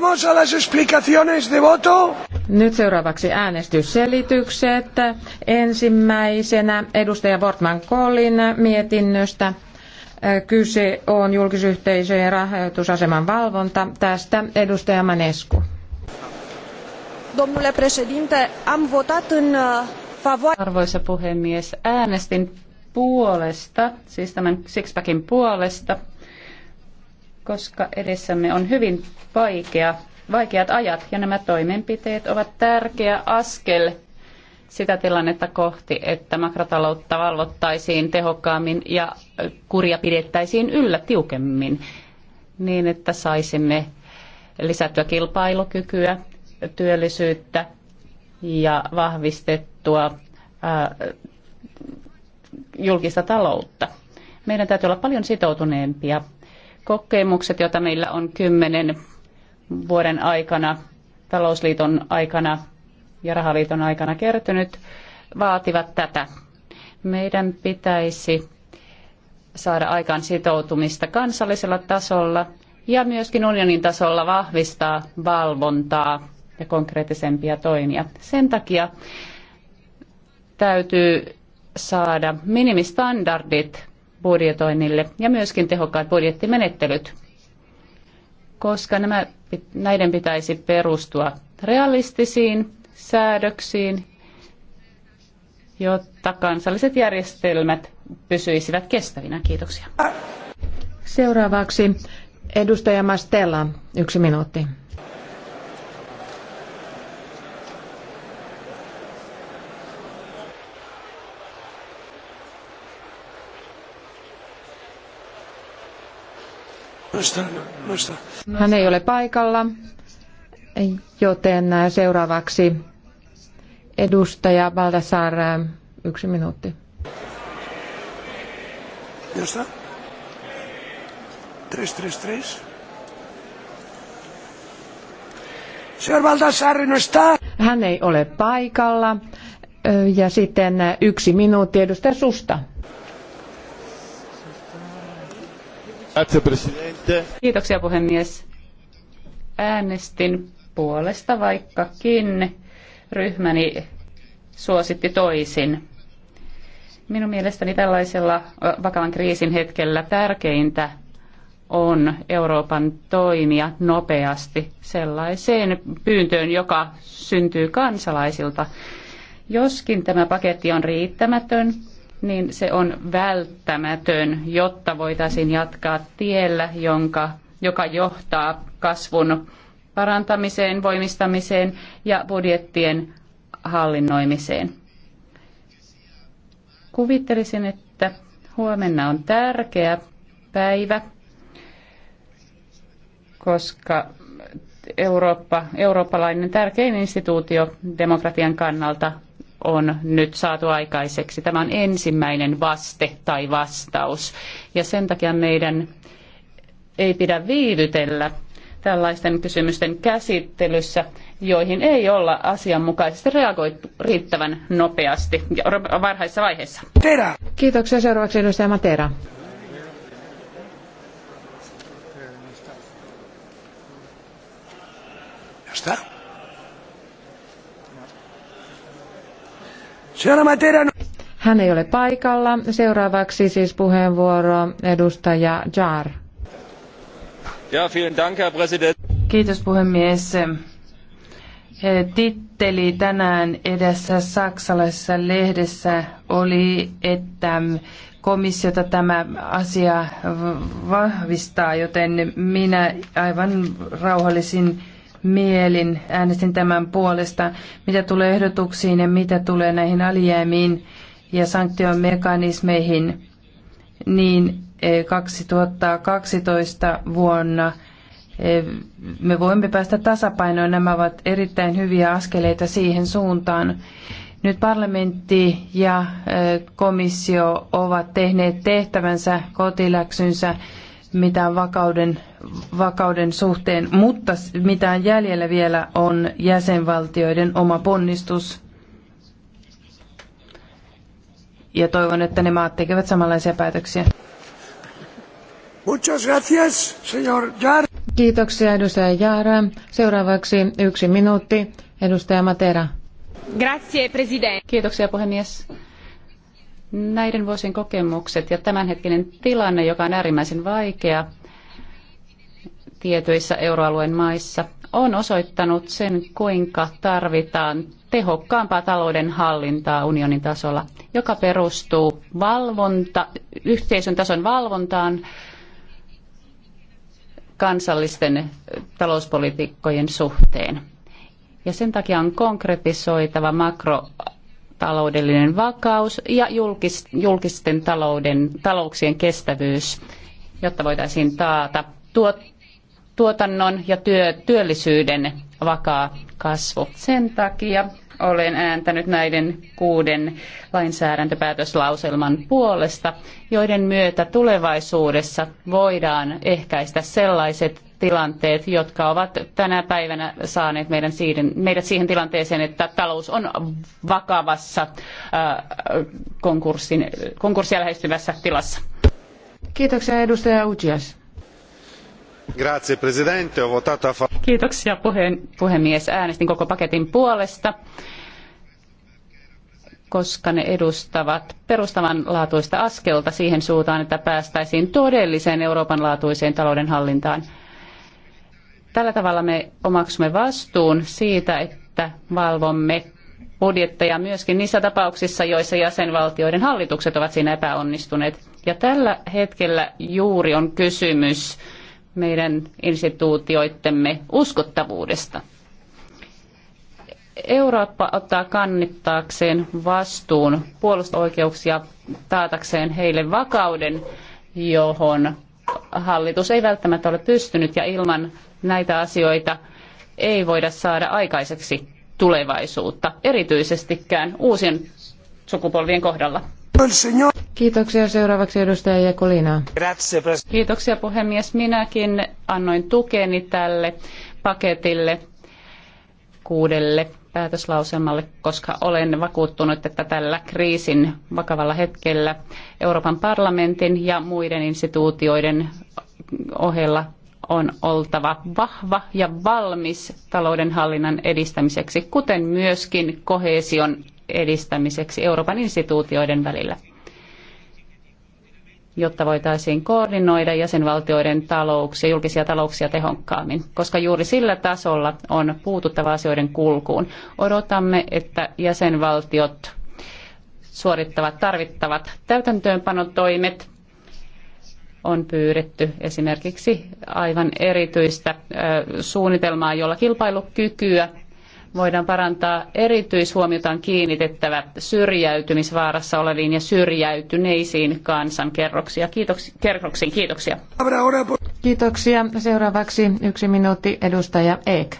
Pasamos a las explicaciones de voto. Nyt seuraavaksi äänestysselitykset. Ensimmäisenä edustaja Bortman Kollin mietinnöstä. Kyse on julkisyhteisöjen rahoitusaseman valvonta. Tästä edustaja Manescu. Domnule președinte, am votat în uh, Arvoisa puhemies, äänestin puolesta, siis tämän Sixpackin puolesta, koska edessämme on hyvin vaikea, vaikeat ajat ja nämä toimenpiteet ovat tärkeä askel sitä tilannetta kohti, että makrotaloutta valvottaisiin tehokkaammin ja kuria pidettäisiin yllä tiukemmin niin, että saisimme lisättyä kilpailukykyä, työllisyyttä ja vahvistettua ää, julkista taloutta. Meidän täytyy olla paljon sitoutuneempia kokemukset, joita meillä on kymmenen vuoden aikana, talousliiton aikana ja rahaliiton aikana kertynyt, vaativat tätä. Meidän pitäisi saada aikaan sitoutumista kansallisella tasolla ja myöskin unionin tasolla vahvistaa valvontaa ja konkreettisempia toimia. Sen takia täytyy saada minimistandardit budjetoinnille ja myöskin tehokkaat budjettimenettelyt, koska nämä, näiden pitäisi perustua realistisiin säädöksiin, jotta kansalliset järjestelmät pysyisivät kestävinä. Kiitoksia. Seuraavaksi edustaja Mastella, yksi minuutti. Hän ei ole paikalla, joten seuraavaksi edustaja Baldassar, yksi minuutti. Josta? 333. Señor Baldassarre no está. Hän ei ole paikalla. Ja sitten yksi minuutti edustaja Susta. Grazie, Presidente. Kiitoksia puhemies. Äänestin puolesta, vaikkakin ryhmäni suositti toisin. Minun mielestäni tällaisella vakavan kriisin hetkellä tärkeintä on Euroopan toimia nopeasti sellaiseen pyyntöön, joka syntyy kansalaisilta. Joskin tämä paketti on riittämätön, niin se on välttämätön, jotta voitaisiin jatkaa tiellä, jonka, joka johtaa kasvun parantamiseen, voimistamiseen ja budjettien hallinnoimiseen. Kuvittelisin, että huomenna on tärkeä päivä, koska Eurooppa, eurooppalainen tärkein instituutio demokratian kannalta on nyt saatu aikaiseksi. Tämä on ensimmäinen vaste tai vastaus. Ja sen takia meidän ei pidä viivytellä tällaisten kysymysten käsittelyssä, joihin ei olla asianmukaisesti reagoitu riittävän nopeasti ja varhaisessa vaiheessa. Tera. Kiitoksia. Seuraavaksi edustaja Matera. Jostain? Hän ei ole paikalla. Seuraavaksi siis puheenvuoro edustaja Jar. Ja, vielen dank, Herr president. Kiitos puhemies. Eh, titteli tänään edessä saksalaisessa lehdessä oli, että komissiota tämä asia vahvistaa, joten minä aivan rauhallisin mielin äänestin tämän puolesta. Mitä tulee ehdotuksiin ja mitä tulee näihin alijäämiin ja sanktiomekanismeihin, niin 2012 eh, vuonna eh, me voimme päästä tasapainoon. Nämä ovat erittäin hyviä askeleita siihen suuntaan. Nyt parlamentti ja eh, komissio ovat tehneet tehtävänsä kotiläksynsä mitään vakauden, vakauden suhteen, mutta mitä jäljellä vielä on jäsenvaltioiden oma ponnistus. Ja toivon, että ne maat tekevät samanlaisia päätöksiä. Muchas gracias, señor Jar. Kiitoksia, edustaja Jaara. Seuraavaksi yksi minuutti, edustaja Matera. Grazie, Kiitoksia, puhemies näiden vuosien kokemukset ja tämänhetkinen tilanne, joka on äärimmäisen vaikea tietyissä euroalueen maissa, on osoittanut sen, kuinka tarvitaan tehokkaampaa talouden hallintaa unionin tasolla, joka perustuu valvonta, yhteisön tason valvontaan kansallisten talouspolitiikkojen suhteen. Ja sen takia on konkretisoitava makro taloudellinen vakaus ja julkisten talouden, talouksien kestävyys, jotta voitaisiin taata tuotannon ja työ, työllisyyden vakaa kasvu. Sen takia olen ääntänyt näiden kuuden lainsäädäntöpäätöslauselman puolesta, joiden myötä tulevaisuudessa voidaan ehkäistä sellaiset tilanteet, jotka ovat tänä päivänä saaneet meidän siihen, meidät siihen tilanteeseen, että talous on vakavassa äh, konkurssin, konkurssia lähestyvässä tilassa. Kiitoksia edustaja Ujias. Grazie presidente, ho Kiitoksia puheen, puhemies. Äänestin koko paketin puolesta koska ne edustavat perustavanlaatuista askelta siihen suuntaan, että päästäisiin todelliseen Euroopan laatuiseen taloudenhallintaan. Tällä tavalla me omaksumme vastuun siitä, että valvomme budjetteja myöskin niissä tapauksissa, joissa jäsenvaltioiden hallitukset ovat siinä epäonnistuneet. Ja tällä hetkellä juuri on kysymys meidän instituutioittemme uskottavuudesta. Eurooppa ottaa kannittaakseen vastuun puolustusoikeuksia taatakseen heille vakauden, johon hallitus ei välttämättä ole pystynyt ja ilman näitä asioita ei voida saada aikaiseksi tulevaisuutta, erityisestikään uusien sukupolvien kohdalla. Kiitoksia. Seuraavaksi edustaja Jekolina. Kiitoksia puhemies. Minäkin annoin tukeni tälle paketille kuudelle päätöslauselmalle, koska olen vakuuttunut, että tällä kriisin vakavalla hetkellä Euroopan parlamentin ja muiden instituutioiden ohella on oltava vahva ja valmis taloudenhallinnan edistämiseksi, kuten myöskin kohesion edistämiseksi Euroopan instituutioiden välillä jotta voitaisiin koordinoida jäsenvaltioiden talouksia, julkisia talouksia tehokkaammin, koska juuri sillä tasolla on puututtava asioiden kulkuun. Odotamme, että jäsenvaltiot suorittavat tarvittavat täytäntöönpanotoimet on pyydetty esimerkiksi aivan erityistä suunnitelmaa, jolla kilpailukykyä voidaan parantaa. Erityishuomiota on kiinnitettävä syrjäytymisvaarassa oleviin ja syrjäytyneisiin kansankerroksiin. Kiitoksi, Kiitoksia. Kiitoksia. Seuraavaksi yksi minuutti edustaja Eek.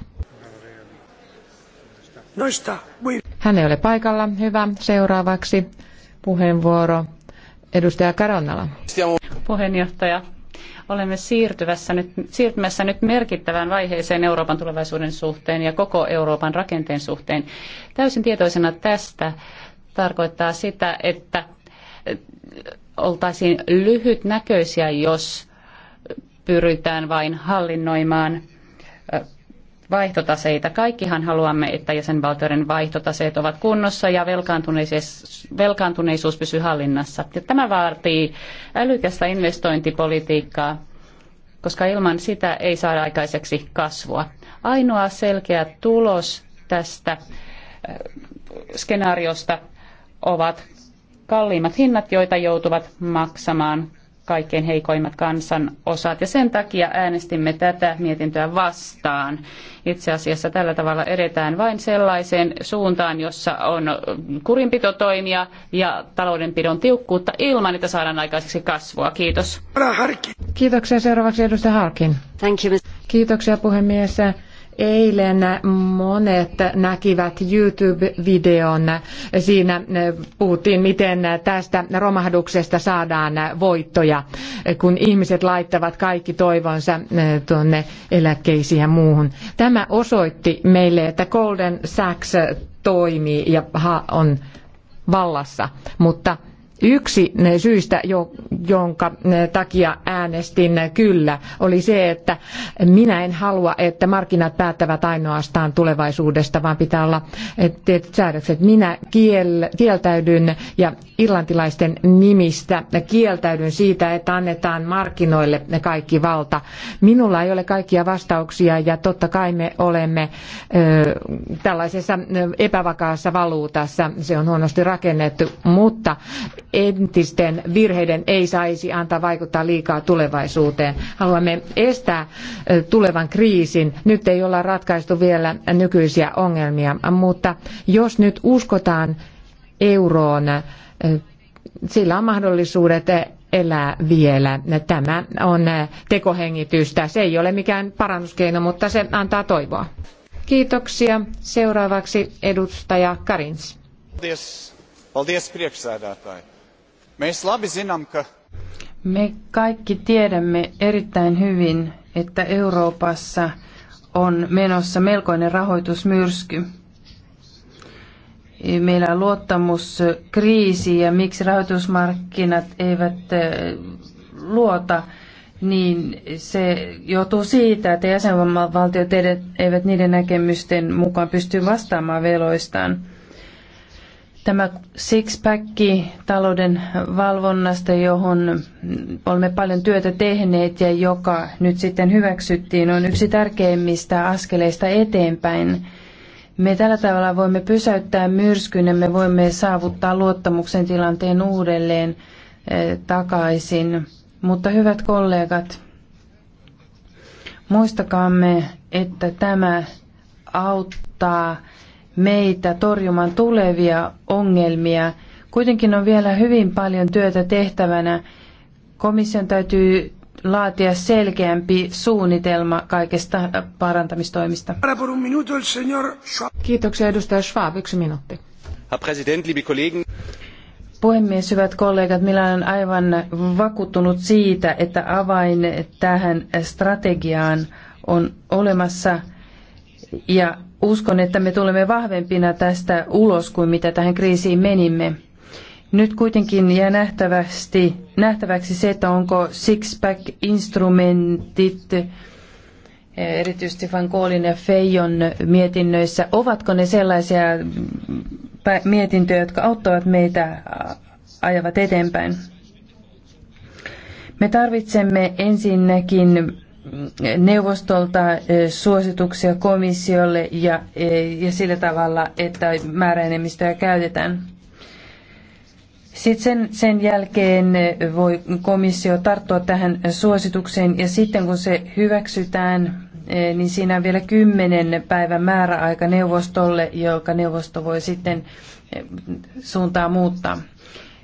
Hän ei ole paikalla. Hyvä. Seuraavaksi puheenvuoro Edustaja Karonnala. Puheenjohtaja, olemme siirtyvässä nyt, siirtymässä nyt merkittävään vaiheeseen Euroopan tulevaisuuden suhteen ja koko Euroopan rakenteen suhteen. Täysin tietoisena tästä tarkoittaa sitä, että eh, oltaisiin lyhytnäköisiä, jos pyritään vain hallinnoimaan eh, vaihtotaseita. Kaikkihan haluamme, että jäsenvaltioiden vaihtotaseet ovat kunnossa ja velkaantuneisuus, pysyy hallinnassa. Ja tämä vaatii älykästä investointipolitiikkaa, koska ilman sitä ei saada aikaiseksi kasvua. Ainoa selkeä tulos tästä äh, skenaariosta ovat kalliimmat hinnat, joita joutuvat maksamaan kaikkein heikoimmat kansan osat. Ja sen takia äänestimme tätä mietintöä vastaan. Itse asiassa tällä tavalla edetään vain sellaiseen suuntaan, jossa on kurinpitotoimia ja taloudenpidon tiukkuutta ilman, että saadaan aikaiseksi kasvua. Kiitos. Kiitoksia seuraavaksi edustaja Harkin. Thank you. Kiitoksia puhemies. Eilen monet näkivät YouTube-videon. Siinä eh, puhuttiin, miten tästä romahduksesta saadaan voittoja, kun ihmiset laittavat kaikki toivonsa eh, tuonne eläkkeisiin ja muuhun. Tämä osoitti meille, että Golden Sachs toimii ja on vallassa, mutta Yksi syistä, jonka takia äänestin kyllä, oli se, että minä en halua, että markkinat päättävät ainoastaan tulevaisuudesta, vaan pitää olla tietyt säädökset. Minä kieltäydyn ja irlantilaisten nimistä kieltäydyn siitä, että annetaan markkinoille kaikki valta. Minulla ei ole kaikkia vastauksia ja totta kai me olemme tällaisessa epävakaassa valuutassa. Se on huonosti rakennettu, mutta entisten virheiden ei saisi antaa vaikuttaa liikaa tulevaisuuteen. Haluamme estää tulevan kriisin. Nyt ei olla ratkaistu vielä nykyisiä ongelmia, mutta jos nyt uskotaan euroon, sillä on mahdollisuudet elää vielä. Tämä on tekohengitystä. Se ei ole mikään parannuskeino, mutta se antaa toivoa. Kiitoksia. Seuraavaksi edustaja Karins. Me kaikki tiedämme erittäin hyvin, että Euroopassa on menossa melkoinen rahoitusmyrsky. Meillä on luottamuskriisi ja miksi rahoitusmarkkinat eivät luota, niin se johtuu siitä, että jäsenvaltiot eivät niiden näkemysten mukaan pysty vastaamaan veloistaan. Tämä six-packi talouden valvonnasta, johon olemme paljon työtä tehneet ja joka nyt sitten hyväksyttiin, on yksi tärkeimmistä askeleista eteenpäin. Me tällä tavalla voimme pysäyttää myrskyn ja me voimme saavuttaa luottamuksen tilanteen uudelleen eh, takaisin. Mutta hyvät kollegat, muistakaamme, että tämä auttaa meitä torjumaan tulevia ongelmia. Kuitenkin on vielä hyvin paljon työtä tehtävänä. Komission täytyy laatia selkeämpi suunnitelma kaikesta parantamistoimista. Kiitoksia edustaja Schwab, yksi minuutti. Herr Präsident, liebe Kollegen. Puhemies, hyvät kollegat, minä olen aivan vakuuttunut siitä, että avain tähän strategiaan on olemassa ja uskon, että me tulemme vahvempina tästä ulos kuin mitä tähän kriisiin menimme. Nyt kuitenkin jää nähtävästi, nähtäväksi se, että onko six-pack-instrumentit, erityisesti Van Koolin ja Feijon mietinnöissä, ovatko ne sellaisia mietintöjä, jotka auttavat meitä ajavat eteenpäin. Me tarvitsemme ensinnäkin neuvostolta eh, suosituksia komissiolle ja, eh, ja sillä tavalla, että määräenemmistöä käytetään. Sitten sen, sen jälkeen eh, voi komissio tarttua tähän suositukseen ja sitten kun se hyväksytään, niin siinä on vielä kymmenen päivän määräaika neuvostolle, joka neuvosto voi sitten suuntaa muuttaa.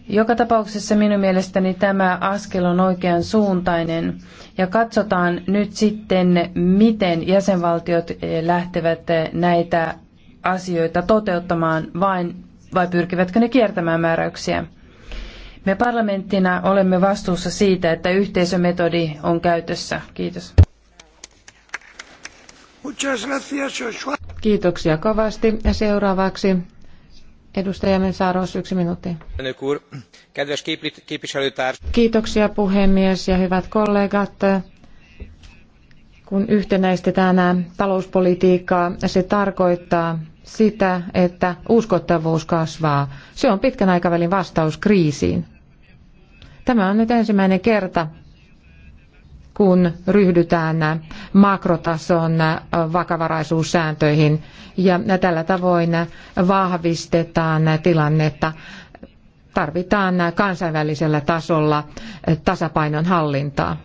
Joka tapauksessa minun mielestäni tämä askel on oikean suuntainen ja katsotaan nyt sitten, miten jäsenvaltiot eh, lähtevät eh, näitä asioita toteuttamaan vain, vai pyrkivätkö ne kiertämään määräyksiä. Me parlamenttina olemme vastuussa siitä, että yhteisömetodi on käytössä. Kiitos. Kiitoksia kovasti. Ja seuraavaksi arvoisa Kiitoksia puhemies ja hyvät kollegat. Kun yhtenäistetään talouspolitiikkaa, se tarkoittaa sitä, että uskottavuus kasvaa. Se on pitkän aikavälin vastaus kriisiin. Tämä on nyt ensimmäinen kerta, kun ryhdytään makrotason vakavaraisuussääntöihin ja tällä tavoin vahvistetaan tilannetta. Tarvitaan kansainvälisellä tasolla tasapainon hallintaa,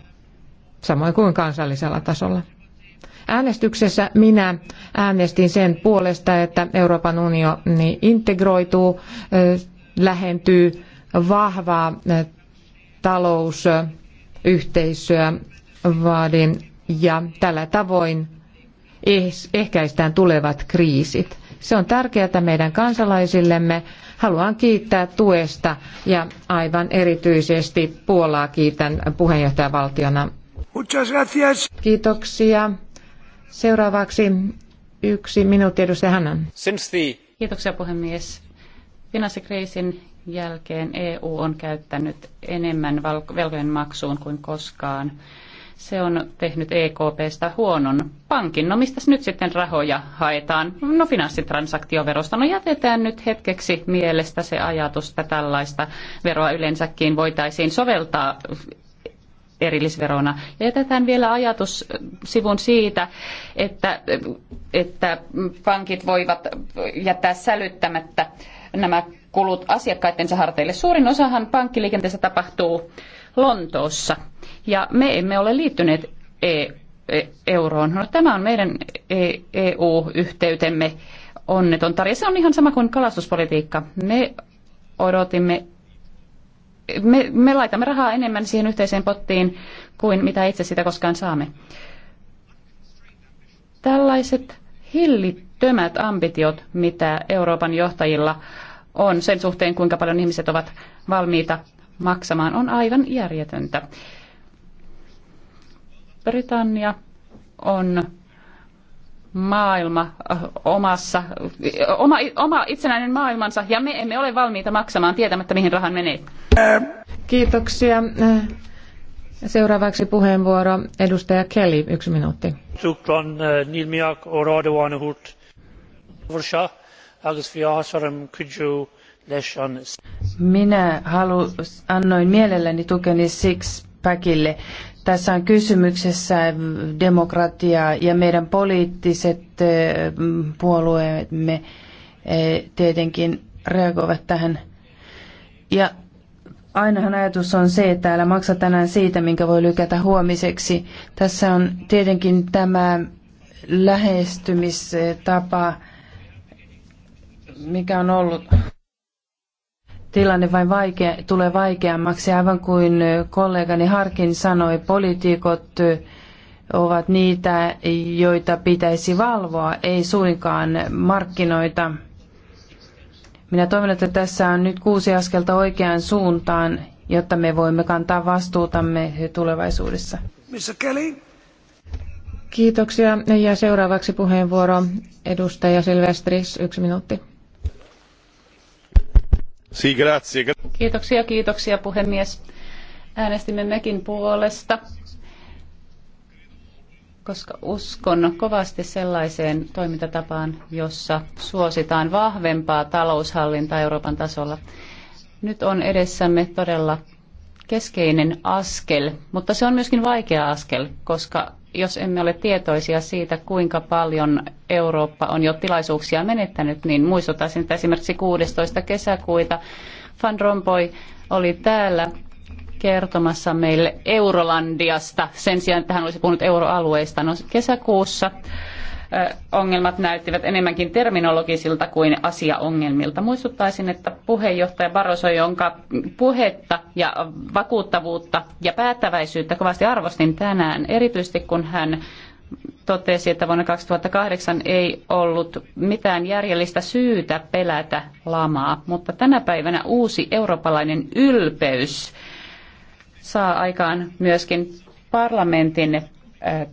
samoin kuin kansallisella tasolla. Äänestyksessä minä äänestin sen puolesta, että Euroopan unioni integroituu, lähentyy vahvaa talousyhteisöä vaadin ja tällä tavoin eh- ehkäistään tulevat kriisit. Se on tärkeää meidän kansalaisillemme. Haluan kiittää tuesta ja aivan erityisesti Puolaa kiitän puheenjohtajavaltiona. Kiitoksia. Seuraavaksi yksi minuutti edustaja Hannan. Kiitoksia puhemies. Finanssikriisin jälkeen EU on käyttänyt enemmän velkojen maksuun kuin koskaan se on tehnyt EKPstä huonon pankin. No mistä nyt sitten rahoja haetaan? No finanssitransaktioverosta. No jätetään nyt hetkeksi mielestä se ajatus, että tällaista veroa yleensäkin voitaisiin soveltaa erillisverona. Ja jätetään vielä ajatus äh, sivun siitä, että, äh, että pankit voivat jättää sälyttämättä nämä kulut asiakkaittensa harteille. Suurin osahan pankkiliikenteessä tapahtuu Lontoossa. Ja me emme ole liittyneet e, e, euroon. No, tämä on meidän EU-yhteytemme e onneton tarja. Se on ihan sama kuin kalastuspolitiikka. Me odotimme, me, me laitamme rahaa enemmän siihen yhteiseen pottiin kuin mitä itse sitä koskaan saamme. Tällaiset hillittömät ambitiot, mitä Euroopan johtajilla on sen suhteen, kuinka paljon ihmiset ovat valmiita maksamaan, on aivan järjetöntä. Britannia on maailma äh, omassa, äh, oma, oma itsenäinen maailmansa ja me emme ole valmiita maksamaan tietämättä mihin rahan menee. Kiitoksia. Äh, seuraavaksi puheenvuoro edustaja Kelly, yksi minuutti. Minä halu, annoin mielelläni tukeni Sixpackille. Tässä on kysymyksessä demokratia ja meidän poliittiset puolueemme tietenkin reagoivat tähän. Ja ainahan ajatus on se, että älä maksa tänään siitä, minkä voi lykätä huomiseksi. Tässä on tietenkin tämä lähestymistapa, mikä on ollut tilanne vain vaikea, tulee vaikeammaksi. Aivan kuin kollegani Harkin sanoi, poliitikot ovat niitä, joita pitäisi valvoa, ei suinkaan markkinoita. Minä toivon, että tässä on nyt kuusi askelta oikeaan suuntaan, jotta me voimme kantaa vastuutamme tulevaisuudessa. Missä Kelly? Kiitoksia. Ja seuraavaksi puheenvuoro edustaja Silvestris, yksi minuutti. Kiitoksia, kiitoksia puhemies. Äänestimme mekin puolesta, koska uskon kovasti sellaiseen toimintatapaan, jossa suositaan vahvempaa taloushallintaa Euroopan tasolla. Nyt on edessämme todella keskeinen askel, mutta se on myöskin vaikea askel, koska jos emme ole tietoisia siitä, kuinka paljon Eurooppa on jo tilaisuuksia menettänyt, niin muistutaisin, että esimerkiksi 16. kesäkuuta Van Rompuy oli täällä kertomassa meille Eurolandiasta sen sijaan, että hän olisi puhunut euroalueesta. No, kesäkuussa ongelmat näyttivät enemmänkin terminologisilta kuin asiaongelmilta. Muistuttaisin, että puheenjohtaja Barroso, jonka puhetta ja vakuuttavuutta ja päättäväisyyttä kovasti arvostin tänään, erityisesti kun hän totesi, että vuonna 2008 ei ollut mitään järjellistä syytä pelätä lamaa, mutta tänä päivänä uusi eurooppalainen ylpeys saa aikaan myöskin parlamentin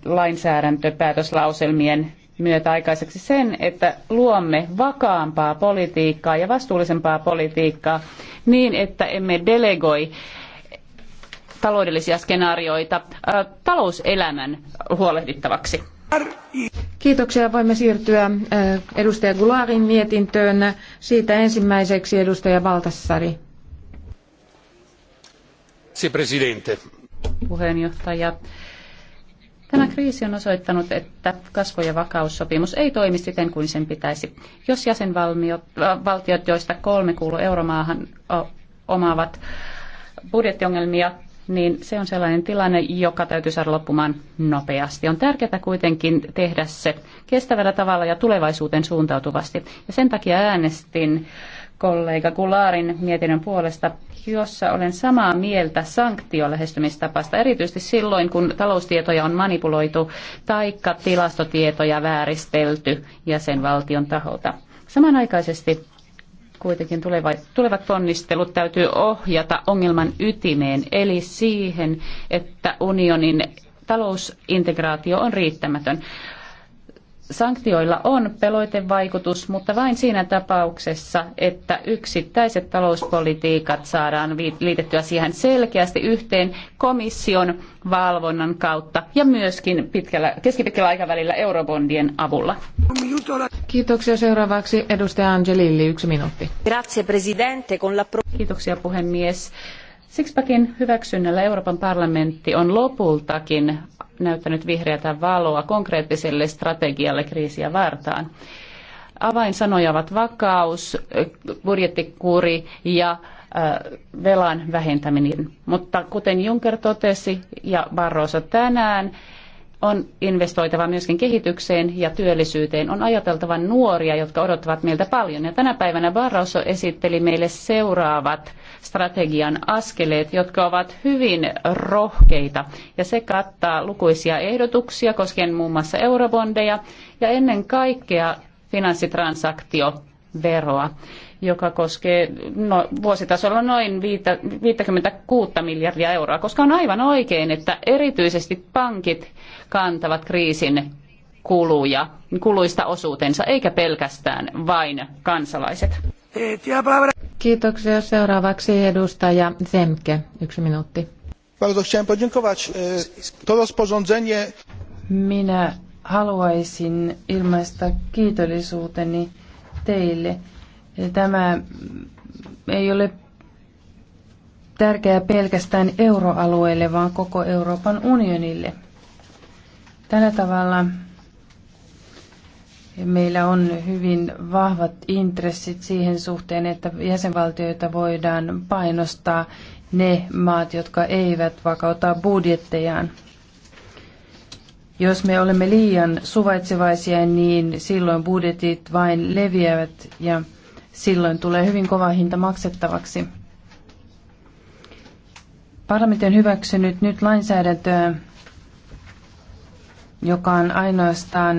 lainsäädäntöpäätöslauselmien myötä aikaiseksi sen, että luomme vakaampaa politiikkaa ja vastuullisempaa politiikkaa niin, että emme delegoi taloudellisia skenaarioita ä, talouselämän huolehdittavaksi. Kiitoksia. Voimme siirtyä edustaja Gularin mietintöön. Siitä ensimmäiseksi edustaja Valtassari. Puheenjohtaja, Tämä kriisi on osoittanut, että kasvo- ja vakaussopimus ei toimi siten kuin sen pitäisi. Jos jäsenvaltiot, äh, joista kolme kuuluu euromaahan, omaavat budjettiongelmia, niin se on sellainen tilanne, joka täytyy saada loppumaan nopeasti. On tärkeää kuitenkin tehdä se kestävällä tavalla ja tulevaisuuteen suuntautuvasti. Ja sen takia äänestin äh, kollega Gularin mietinnön puolesta, jossa olen samaa mieltä sanktiolähestymistapasta, erityisesti silloin, kun taloustietoja on manipuloitu taikka tilastotietoja vääristelty jäsenvaltion taholta. Samanaikaisesti kuitenkin tulevat ponnistelut täytyy ohjata ongelman ytimeen, eli siihen, että unionin talousintegraatio on riittämätön. Sanktioilla on peloitevaikutus, mutta vain siinä tapauksessa, että yksittäiset talouspolitiikat saadaan liitettyä siihen selkeästi yhteen komission valvonnan kautta ja myöskin pitkällä, keskipitkällä aikavälillä eurobondien avulla. Kiitoksia. Seuraavaksi edustaja Angelilli, yksi minuutti. Grazie, presidente. Kiitoksia puhemies. Sixpackin hyväksynnällä Euroopan parlamentti on lopultakin näyttänyt vihreätä valoa konkreettiselle strategialle kriisiä vartaan. Avainsanoja ovat vakaus, budjettikuri ja velan vähentäminen. Mutta kuten Juncker totesi ja Barroso tänään, on investoitava myöskin kehitykseen ja työllisyyteen. On ajateltava nuoria, jotka odottavat meiltä paljon. Ja tänä päivänä Barroso esitteli meille seuraavat strategian askeleet, jotka ovat hyvin rohkeita. Ja se kattaa lukuisia ehdotuksia koskien muun muassa eurobondeja ja ennen kaikkea finanssitransaktioveroa joka koskee no, vuositasolla noin 56 miljardia euroa, koska on aivan oikein, että erityisesti pankit kantavat kriisin kuluja, kuluista osuutensa, eikä pelkästään vain kansalaiset. Kiitoksia. Seuraavaksi edustaja Zemke. Yksi minuutti. E, Minä haluaisin ilmaista kiitollisuuteni teille. Tämä ei ole tärkeää pelkästään euroalueelle, vaan koko Euroopan unionille. Tällä tavalla meillä on hyvin vahvat intressit siihen suhteen, että jäsenvaltioita voidaan painostaa ne maat, jotka eivät vakauta budjettejaan. Jos me olemme liian suvaitsevaisia, niin silloin budjetit vain leviävät ja silloin tulee hyvin kova hinta maksettavaksi. Parlamentti on hyväksynyt nyt lainsäädäntöä, joka on ainoastaan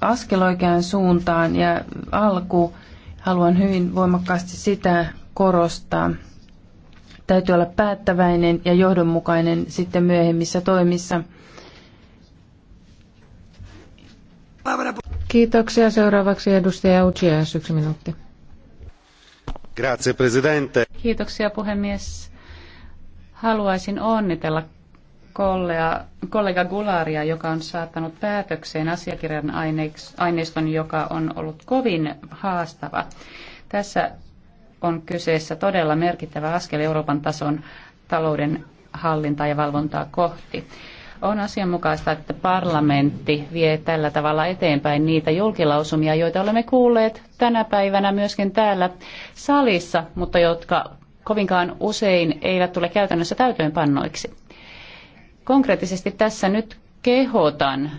askel oikeaan suuntaan ja alku. Haluan hyvin voimakkaasti sitä korostaa. Täytyy olla päättäväinen ja johdonmukainen sitten myöhemmissä toimissa. Kiitoksia. Seuraavaksi edustaja Uchias, yksi minuutti. Kiitoksia puhemies. Haluaisin onnitella kollega, kollega Gularia, joka on saattanut päätökseen asiakirjan aineiston, joka on ollut kovin haastava. Tässä on kyseessä todella merkittävä askel Euroopan tason talouden hallintaa ja valvontaa kohti. On asianmukaista, että parlamentti vie tällä tavalla eteenpäin niitä julkilausumia, joita olemme kuulleet tänä päivänä myöskin täällä salissa, mutta jotka kovinkaan usein eivät tule käytännössä täytöönpannoiksi. Konkreettisesti tässä nyt kehotan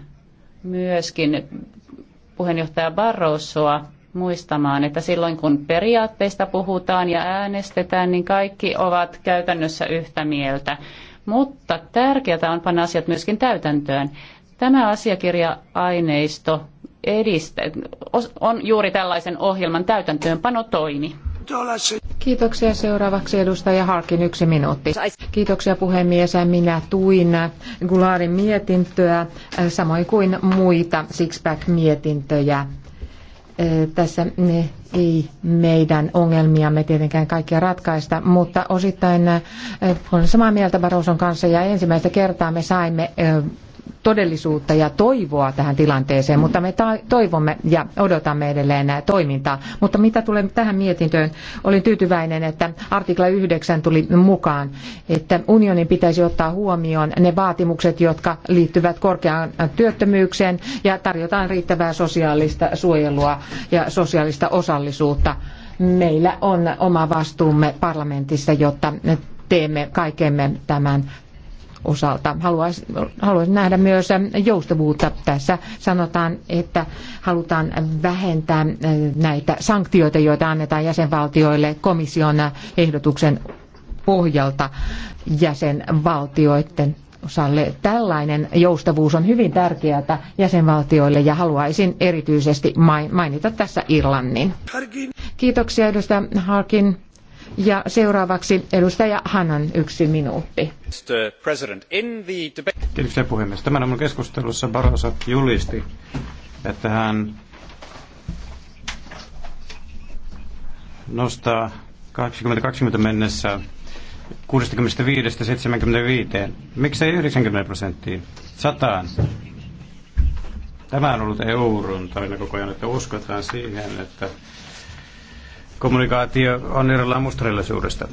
myöskin puheenjohtaja Barrosoa muistamaan, että silloin kun periaatteista puhutaan ja äänestetään, niin kaikki ovat käytännössä yhtä mieltä mutta tärkeää on panna asiat myöskin täytäntöön. Tämä asiakirja-aineisto edistä, on juuri tällaisen ohjelman täytäntöönpano toimi. Kiitoksia. Seuraavaksi edustaja Harkin yksi minuutti. Kiitoksia puhemies. Minä tuin Gularin mietintöä, samoin kuin muita Sixpack-mietintöjä tässä mm, ei meidän ongelmiamme tietenkään kaikkia ratkaista, mutta osittain olen samaa mieltä Baroson kanssa ja ensimmäistä kertaa me saimme todellisuutta ja toivoa tähän tilanteeseen, mutta me toivomme ja odotamme edelleen toimintaa. Mutta mitä tulee tähän mietintöön, olin tyytyväinen, että artikla 9 tuli mukaan, että unionin pitäisi ottaa huomioon ne vaatimukset, jotka liittyvät korkeaan työttömyykseen ja tarjotaan riittävää sosiaalista suojelua ja sosiaalista osallisuutta. Meillä on oma vastuumme parlamentissa, jotta teemme kaikemme tämän osalta. Haluaisin, haluais nähdä myös joustavuutta. Tässä sanotaan, että halutaan vähentää näitä sanktioita, joita annetaan jäsenvaltioille komission ehdotuksen pohjalta jäsenvaltioiden osalle. Tällainen joustavuus on hyvin tärkeää jäsenvaltioille ja haluaisin erityisesti mainita tässä Irlannin. Kiitoksia edustaja Harkin. Ja seuraavaksi edustaja Hanan yksi minuutti. Kiitoksia puhemies. Tämän aamun keskustelussa Barroso julisti, että hän nostaa 2020 mennessä 65-75. Miksei 90 prosenttiin? Sataan. Tämä on ollut euron tarina koko ajan, että uskotaan siihen, että kommunikaatio on irrallaan mustarillisuudesta.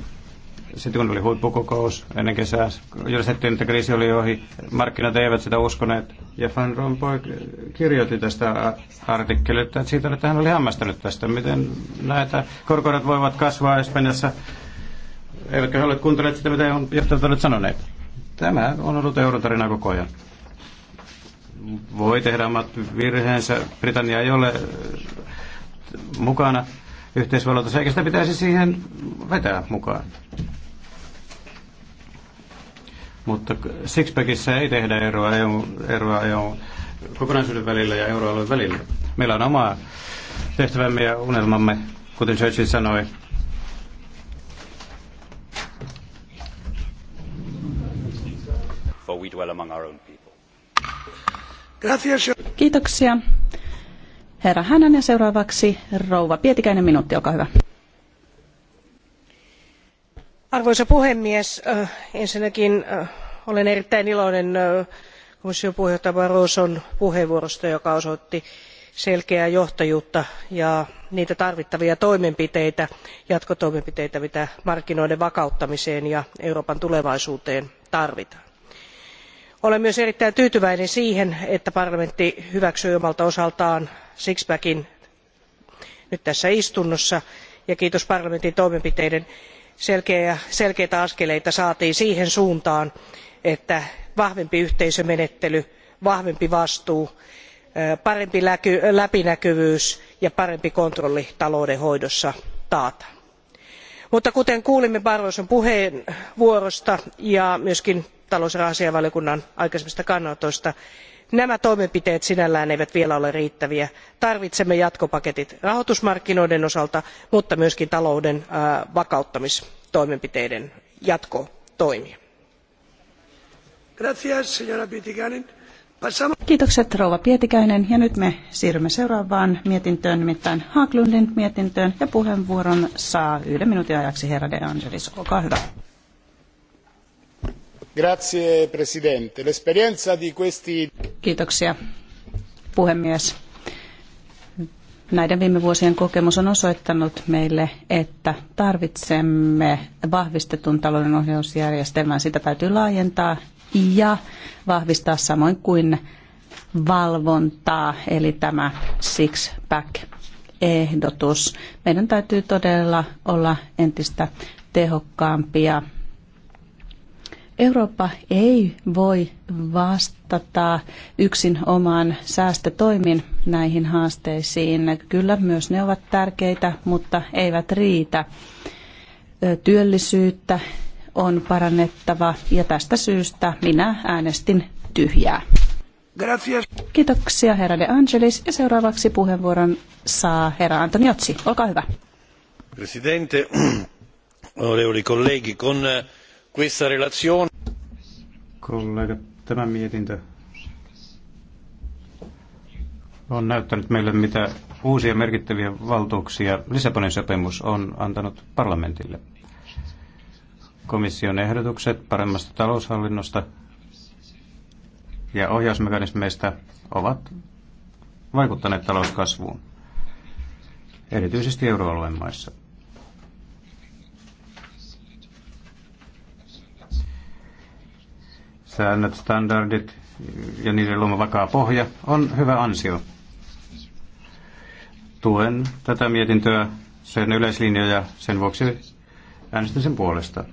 Sitten kun oli huippukokous ennen kesää, julistettiin, että kriisi oli ohi, markkinat eivät sitä uskoneet. Ja Van Rompuy kirjoitti tästä artikkelista, että siitä että hän oli hämmästynyt tästä, miten näitä korkorat voivat kasvaa Espanjassa. Eivätkä he ole kuuntelleet sitä, mitä on johtajat ovat sanoneet. Tämä on ollut eurotarina koko ajan. Voi tehdä omat virheensä. Britannia ei ole mukana yhteisvaluutassa, eikä sitä pitäisi siihen vetää mukaan. Mutta Sixpackissa ei tehdä eroa EU, eroa EU kokonaisuuden välillä ja euroalueen välillä. Meillä on oma tehtävämme ja unelmamme, kuten Churchill sanoi. For we dwell among our own people. Kiitoksia herra Hänen ja seuraavaksi rouva Pietikäinen minuutti, olkaa hyvä. Arvoisa puhemies, äh, ensinnäkin äh, olen erittäin iloinen äh, komission puheenjohtaja Barroson puheenvuorosta, joka osoitti selkeää johtajuutta ja niitä tarvittavia toimenpiteitä jatkotoimenpiteitä mitä markkinoiden vakauttamiseen ja euroopan tulevaisuuteen tarvitaan olen myös erittäin tyytyväinen siihen että parlamentti hyväksyi omalta osaltaan six packin nyt tässä istunnossa ja kiitos parlamentin toimenpiteiden selkeitä askeleita saatiin siihen suuntaan että vahvempi yhteisömenettely vahvempi vastuu parempi läpinäkyvyys ja parempi kontrolli taloudenhoidossa taataan mutta kuten kuulimme barroson puheenvuorosta ja myös talous ja rahasiainvaliokunnan aikaisemmista kannanotoista nämä toimenpiteet sinällään eivät vielä ole riittäviä. tarvitsemme jatkopaketit rahoitusmarkkinoiden osalta mutta myös talouden vakauttamistoimenpiteiden jatkotoimia. Kiitokset rouva Pietikäinen ja nyt me siirrymme seuraavaan mietintöön, nimittäin Haaklundin mietintöön ja puheenvuoron saa yhden minuutin ajaksi herra De Angelis. Olkaa hyvä. Grazie, presidente. L'esperienza di questi... Kiitoksia, puhemies. Näiden viime vuosien kokemus on osoittanut meille, että tarvitsemme vahvistetun talouden ohjausjärjestelmän. Sitä täytyy laajentaa ja vahvistaa samoin kuin valvontaa, eli tämä six-pack-ehdotus. Meidän täytyy todella olla entistä tehokkaampia. Eurooppa ei voi vastata yksin omaan säästötoimin näihin haasteisiin. Kyllä myös ne ovat tärkeitä, mutta eivät riitä. Työllisyyttä on parannettava ja tästä syystä minä äänestin tyhjää. Gracias. Kiitoksia herra De Angelis ja seuraavaksi puheenvuoron saa herra Antoniotsi. Olkaa hyvä. Presidente, onorevoli kollegi, con eh, questa relazione... Kollega, tämä mietintö on näyttänyt meille, mitä uusia merkittäviä valtuuksia Lisabonin sopimus on antanut parlamentille komission ehdotukset paremmasta taloushallinnosta ja ohjausmekanismeista ovat vaikuttaneet talouskasvuun, erityisesti euroalueen maissa. Säännöt, standardit ja niiden luoma vakaa pohja on hyvä ansio. Tuen tätä mietintöä, sen yleislinjoja, sen vuoksi äänestin sen puolesta.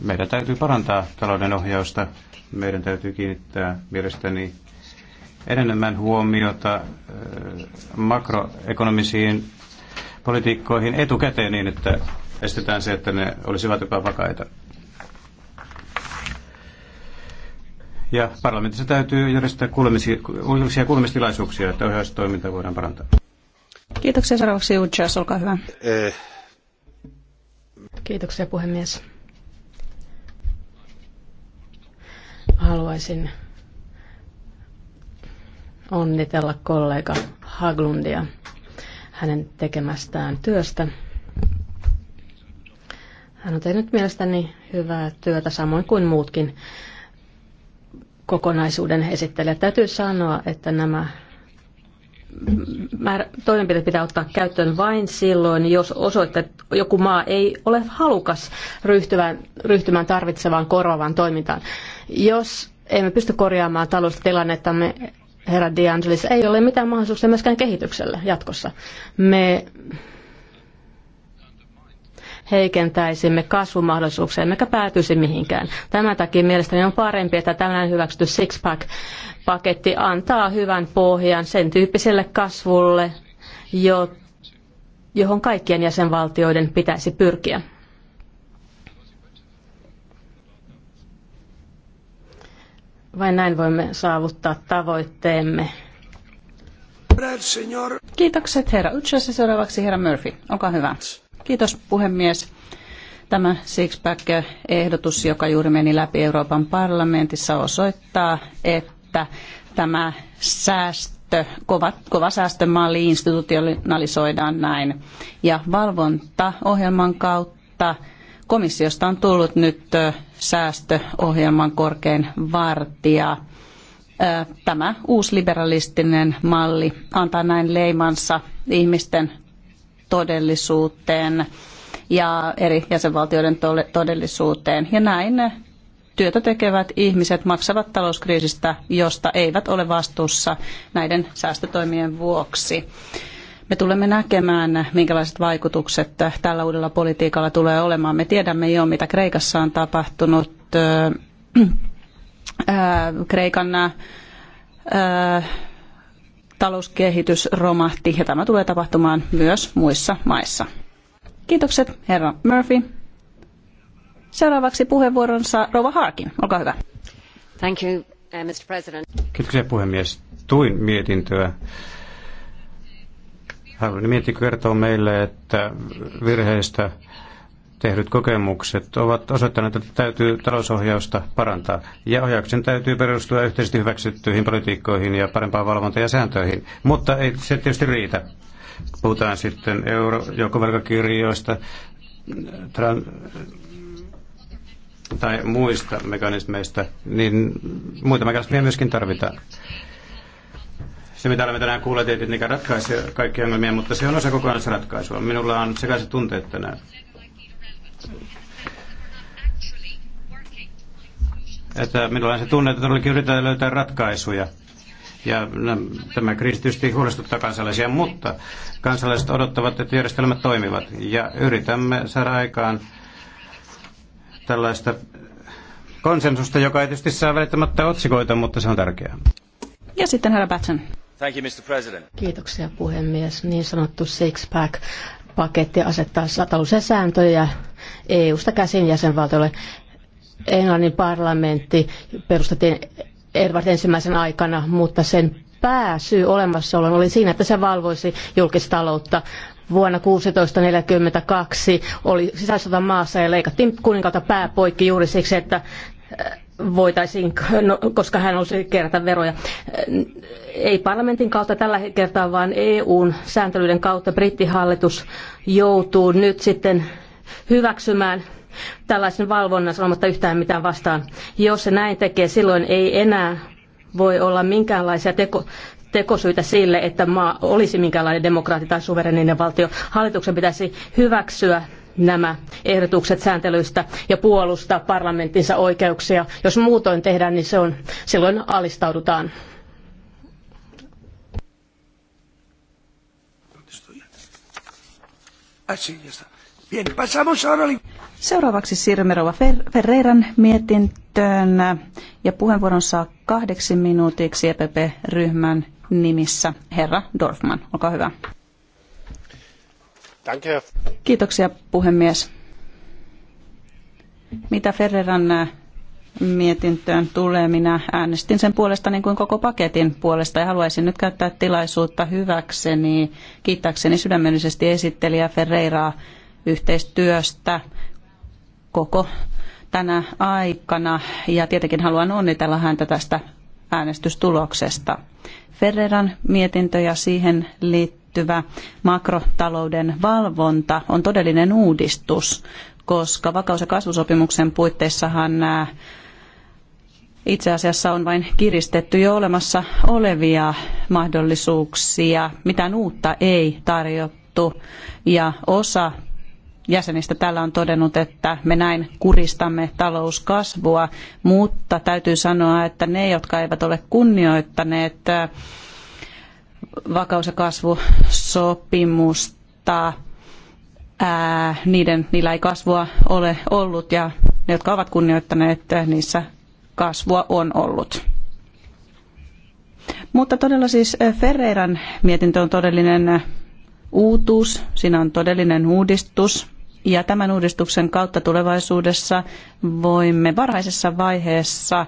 meidän täytyy parantaa talouden ohjausta. Meidän täytyy kiinnittää mielestäni enemmän huomiota makroekonomisiin politiikkoihin etukäteen niin, että estetään se, että ne olisivat vakaita. Ja parlamentissa täytyy järjestää kuulemisia kuulemistilaisuuksia, että ohjaustoiminta voidaan parantaa. Kiitoksia seuraavaksi Ujas, olkaa hyvä. Eh. Kiitoksia puhemies. Haluaisin onnitella kollega Haglundia hänen tekemästään työstä. Hän on tehnyt mielestäni hyvää työtä, samoin kuin muutkin kokonaisuuden esittelijät. Täytyy sanoa, että nämä määrä, toimenpiteet pitää ottaa käyttöön vain silloin, jos osoittaa, että joku maa ei ole halukas ryhtymään, ryhtymään tarvitsevaan korvaavaan toimintaan. Jos emme pysty korjaamaan taloudellista tilannettamme, herra D'Angelis, ei ole mitään mahdollisuuksia myöskään kehitykselle jatkossa. Me heikentäisimme kasvumahdollisuuksia, emmekä päätyisi mihinkään. Tämän takia mielestäni on parempi, että tänään hyväksytty six-pack paketti antaa hyvän pohjan sen tyyppiselle kasvulle, johon kaikkien jäsenvaltioiden pitäisi pyrkiä. Vain näin voimme saavuttaa tavoitteemme. Kiitokset herra Uchas ja seuraavaksi herra Murphy. Olkaa hyvä. Kiitos puhemies. Tämä sixpack ehdotus joka juuri meni läpi Euroopan parlamentissa, osoittaa, että että tämä säästö, kova, kova säästömalli institutionalisoidaan näin. Ja valvontaohjelman kautta komissiosta on tullut nyt säästöohjelman korkein vartija. Tämä uusliberalistinen malli antaa näin leimansa ihmisten todellisuuteen ja eri jäsenvaltioiden todellisuuteen. Ja näin työtä tekevät ihmiset maksavat talouskriisistä, josta eivät ole vastuussa näiden säästötoimien vuoksi. Me tulemme näkemään, minkälaiset vaikutukset tällä uudella politiikalla tulee olemaan. Me tiedämme jo, mitä Kreikassa on tapahtunut. Kreikan talouskehitys romahti ja tämä tulee tapahtumaan myös muissa maissa. Kiitokset herra Murphy. Seuraavaksi puheenvuoronsa Rova Harkin. Olkaa hyvä. Thank you, uh, Mr. President. Kiitoksia puhemies. Tuin mietintöä. Haluan mietintö kertoa meille, että virheistä tehdyt kokemukset ovat osoittaneet, että täytyy talousohjausta parantaa. Ja ohjauksen täytyy perustua yhteisesti hyväksyttyihin politiikkoihin ja parempaan valvontaan ja sääntöihin. Mutta ei se tietysti riitä. Puhutaan sitten eurojoukkovelkakirjoista, tai muista mekanismeista, niin muita mekanismeja myöskin tarvitaan. Se, mitä olemme tänään kuulleet, ei tietenkään ratkaise kaikkia ongelmia, mutta se on osa kokonaisratkaisua. Minulla on sekaiset tunteet tänään. Että minulla on se tunne, että todellakin yritetään löytää ratkaisuja. Ja no, tämä kriisi tietysti huolestuttaa kansalaisia, mutta kansalaiset odottavat, että järjestelmät toimivat. Ja yritämme saada aikaan tällaista konsensusta, joka ei tietysti saa välittämättä otsikoita, mutta se on tärkeää. Ja sitten herra Batson. Thank you, Mr. President. Kiitoksia puhemies. Niin sanottu six-pack paketti asettaa satalusen sääntöjä EU-sta käsin jäsenvaltiolle. Englannin parlamentti perustettiin Edward ensimmäisen aikana, mutta sen pääsyy olemassaoloon oli siinä, että se valvoisi julkistaloutta vuonna 1642 oli sisäissodan maassa ja leikattiin kuninkalta pää poikki juuri siksi, että äh, voitaisiin, no, koska hän olisi kerätä veroja. Äh, ei parlamentin kautta tällä kertaa, vaan EUn sääntelyiden kautta brittihallitus joutuu nyt sitten hyväksymään tällaisen valvonnan sanomatta yhtään mitään vastaan. Jos se näin tekee, silloin ei enää voi olla minkäänlaisia teko- tekosyitä sille, että maa olisi minkäänlainen demokraatti tai suvereninen valtio. Hallituksen pitäisi hyväksyä nämä ehdotukset sääntelystä ja puolustaa parlamenttinsa oikeuksia. Jos muutoin tehdään, niin se on, silloin alistaudutaan. Seuraavaksi siirrymme Rova Ferreiran mietintöön ja puheenvuoron saa kahdeksi minuutiksi EPP-ryhmän nimissä herra Dorfman. Olkaa hyvä. Kiitoksia puhemies. Mitä Ferreran äh, mietintöön tulee, minä äänestin sen puolesta niin kuin koko paketin puolesta ja haluaisin nyt käyttää tilaisuutta hyväkseni, kiittääkseni sydämellisesti esittelijä Ferreiraa yhteistyöstä koko tänä aikana ja tietenkin haluan onnitella häntä tästä äänestystuloksesta. Ferreran mietintö ja siihen liittyvä makrotalouden valvonta on todellinen uudistus, koska vakaus- ja kasvusopimuksen puitteissahan nämä itse asiassa on vain kiristetty jo olemassa olevia mahdollisuuksia. Mitään uutta ei tarjottu ja osa jäsenistä täällä on todennut, että me näin kuristamme talouskasvua, mutta täytyy sanoa, että ne, jotka eivät ole kunnioittaneet äh, vakaus- ja kasvusopimusta, ää, äh, niiden, niillä ei kasvua ole ollut ja ne, jotka ovat kunnioittaneet, äh, niissä kasvua on ollut. Mutta todella siis Ferreiran mietintö on todellinen uutuus, siinä on todellinen uudistus. Ja tämän uudistuksen kautta tulevaisuudessa voimme varhaisessa vaiheessa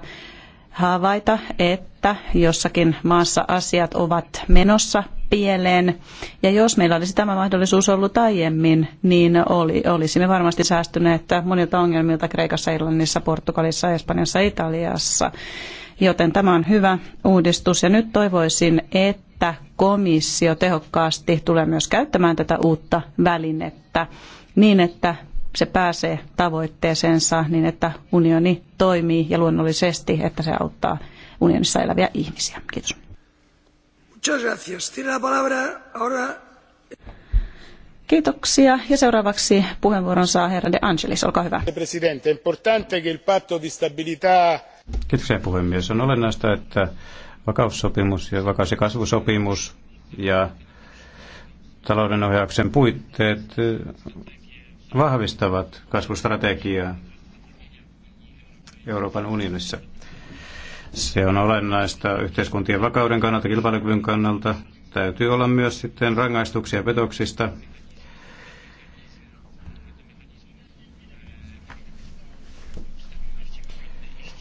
havaita, että jossakin maassa asiat ovat menossa pieleen. Ja jos meillä olisi tämä mahdollisuus ollut aiemmin, niin oli, olisimme varmasti säästyneet monilta ongelmilta Kreikassa, Irlannissa, Portugalissa, Espanjassa, ja Italiassa. Joten tämä on hyvä uudistus ja nyt toivoisin, että komissio tehokkaasti tulee myös käyttämään tätä uutta välinettä niin, että se pääsee tavoitteeseensa niin, että unioni toimii ja luonnollisesti, että se auttaa unionissa eläviä ihmisiä. Kiitos. Kiitoksia. Ja seuraavaksi puheenvuoron saa herra De Angelis. Olkaa hyvä. Kiitoksia puhemies. On olennaista, että vakaussopimus ja vakaus- ja kasvusopimus ja talouden ohjauksen puitteet vahvistavat kasvustrategiaa Euroopan unionissa. Se on olennaista yhteiskuntien vakauden kannalta, kilpailukyvyn kannalta. Täytyy olla myös sitten rangaistuksia petoksista.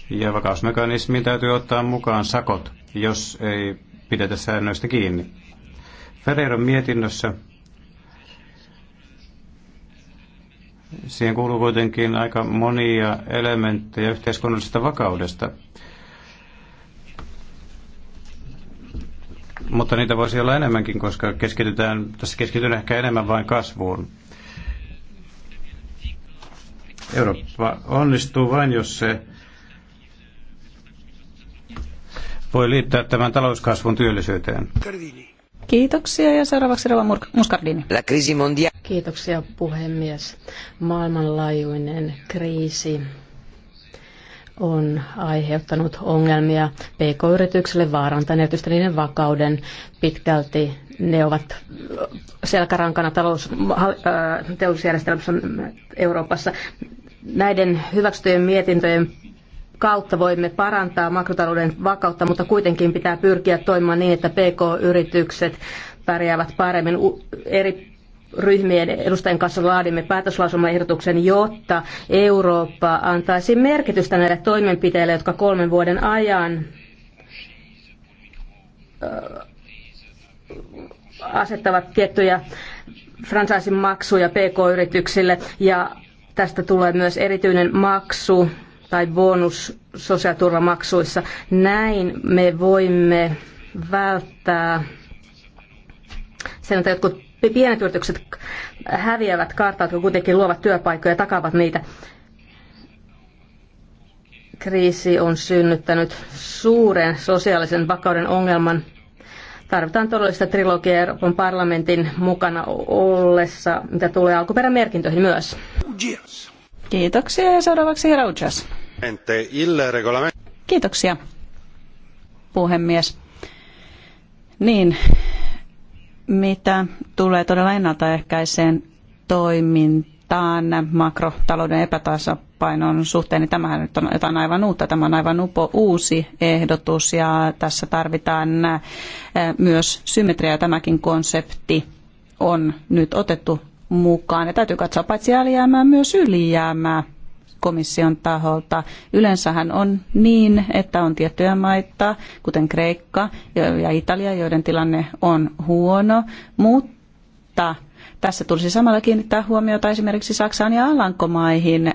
Ja vakausmekanismiin täytyy ottaa mukaan sakot, jos ei pidetä säännöistä kiinni. Ferreiron mietinnössä Siihen kuuluu kuitenkin aika monia elementtejä yhteiskunnallisesta vakaudesta. Mutta niitä voisi olla enemmänkin, koska keskitytään, tässä keskitytään ehkä enemmän vain kasvuun. Eurooppa onnistuu vain, jos se voi liittää tämän talouskasvun työllisyyteen. Gardini. Kiitoksia ja seuraavaksi Rova Muscardini. La crisi Kiitoksia puhemies. Maailmanlaajuinen kriisi on aiheuttanut ongelmia pk-yrityksille, vaarantaneet erityisesti niiden vakauden pitkälti. Ne ovat selkärankana talous, teollisuusjärjestelmässä Euroopassa. Näiden hyväksyttyjen mietintöjen kautta voimme parantaa makrotalouden vakautta, mutta kuitenkin pitää pyrkiä toimimaan niin, että PK-yritykset pärjäävät paremmin eri ryhmien edustajien kanssa laadimme päätöslausumaehdotuksen, jotta Eurooppa antaisi merkitystä näille toimenpiteille, jotka kolmen vuoden ajan asettavat tiettyjä fransaisin maksuja pk-yrityksille ja tästä tulee myös erityinen maksu tai bonus sosiaaliturvamaksuissa. Näin me voimme välttää sen, että jotkut pienet yritykset häviävät karttaa, kun kuitenkin luovat työpaikkoja ja takaavat niitä. Kriisi on synnyttänyt suuren sosiaalisen vakauden ongelman. Tarvitaan todellista trilogia Euroopan parlamentin mukana ollessa, mitä tulee alkuperämerkintöihin myös. Kiitoksia ja seuraavaksi Rauchas. Kiitoksia, puhemies. Niin, mitä tulee todella ennaltaehkäiseen toimintaan makrotalouden epätasapainon suhteen, niin tämähän nyt on jotain aivan uutta. Tämä on aivan upo uusi ehdotus ja tässä tarvitaan myös symmetriä. Tämäkin konsepti on nyt otettu mukaan. Ja täytyy katsoa paitsi alijäämää myös ylijäämää komission taholta. Yleensähän on niin, että on tiettyjä maita, kuten Kreikka ja Italia, joiden tilanne on huono, mutta tässä tulisi samalla kiinnittää huomiota esimerkiksi Saksaan ja Alankomaihin,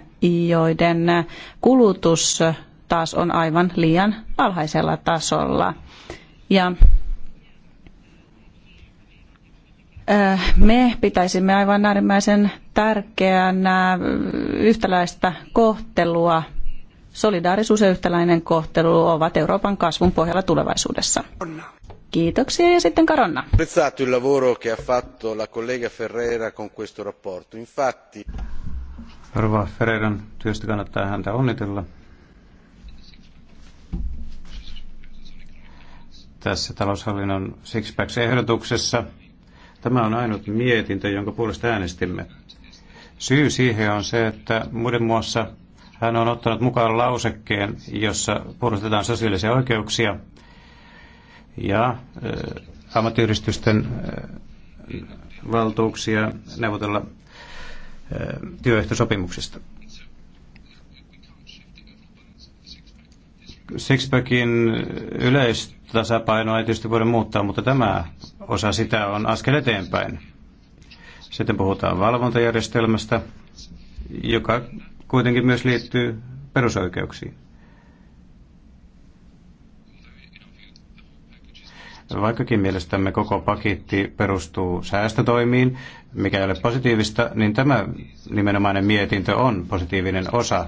joiden kulutus taas on aivan liian alhaisella tasolla. Ja me pitäisimme aivan äärimmäisen tärkeänä yhtäläistä kohtelua. Solidaarisuus ja yhtäläinen kohtelu ovat Euroopan kasvun pohjalla tulevaisuudessa. Kiitoksia ja sitten Karonna. Apprezzato il lavoro che ha fatto la collega Ferreira con questo rapporto. Infatti... Ferreiran työstä kannattaa häntä onnitella. Tässä taloushallinnon six-pack-ehdotuksessa Tämä on ainut mietintö, jonka puolesta äänestimme. Syy siihen on se, että muiden muassa hän on ottanut mukaan lausekkeen, jossa puolustetaan sosiaalisia oikeuksia ja äh, ammattiyhdistysten äh, valtuuksia neuvotella äh, työehtosopimuksista. Sixpackin yleistasapainoa ei tietysti voida muuttaa, mutta tämä osa sitä on askel eteenpäin. Sitten puhutaan valvontajärjestelmästä, joka kuitenkin myös liittyy perusoikeuksiin. Vaikkakin mielestämme koko paketti perustuu säästötoimiin, mikä ei ole positiivista, niin tämä nimenomainen mietintö on positiivinen osa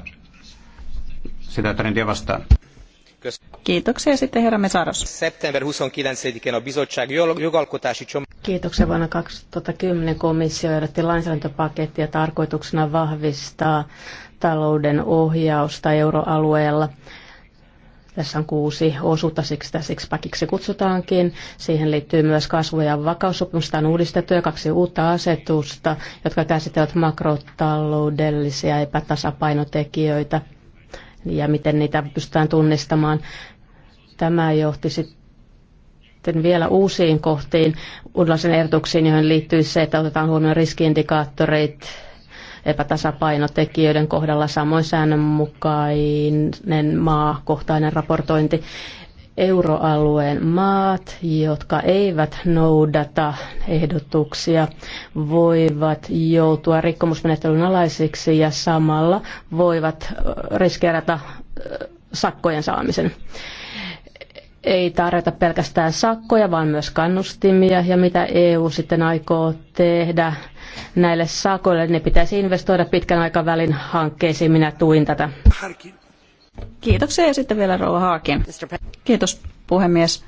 sitä trendiä vastaan. Kiitoksia sitten herra Mesaros. September 29-én a bizottság jogalkotási csomag... Kiitoksia. Vuonna 2010 komissio ehdotti lainsäädäntöpakettia tarkoituksena vahvistaa talouden ohjausta euroalueella. Tässä on kuusi osuutta, siksi sitä sixpackiksi kutsutaankin. Siihen liittyy myös kasvu- ja vakaussopimusta on uudistettu ja kaksi uutta asetusta, jotka käsittelevät makrotaloudellisia epätasapainotekijöitä – ja miten niitä pystytään tunnistamaan. Tämä johti sitten vielä uusiin kohtiin, uudenlaisiin ehdotuksiin, joihin liittyy se, että otetaan huomioon riskiindikaattoreit epätasapainotekijöiden kohdalla samoin säännönmukainen maakohtainen raportointi euroalueen maat, jotka eivät noudata ehdotuksia, voivat joutua rikkomusmenettelyn alaisiksi ja samalla voivat riskeerata sakkojen saamisen ei tarjota pelkästään sakkoja, vaan myös kannustimia ja mitä EU sitten aikoo tehdä näille sakoille. Niin ne pitäisi investoida pitkän aikavälin hankkeisiin. Minä tuin tätä. Harkin. Kiitoksia ja sitten vielä Rouva Haakin. Kiitos puhemies.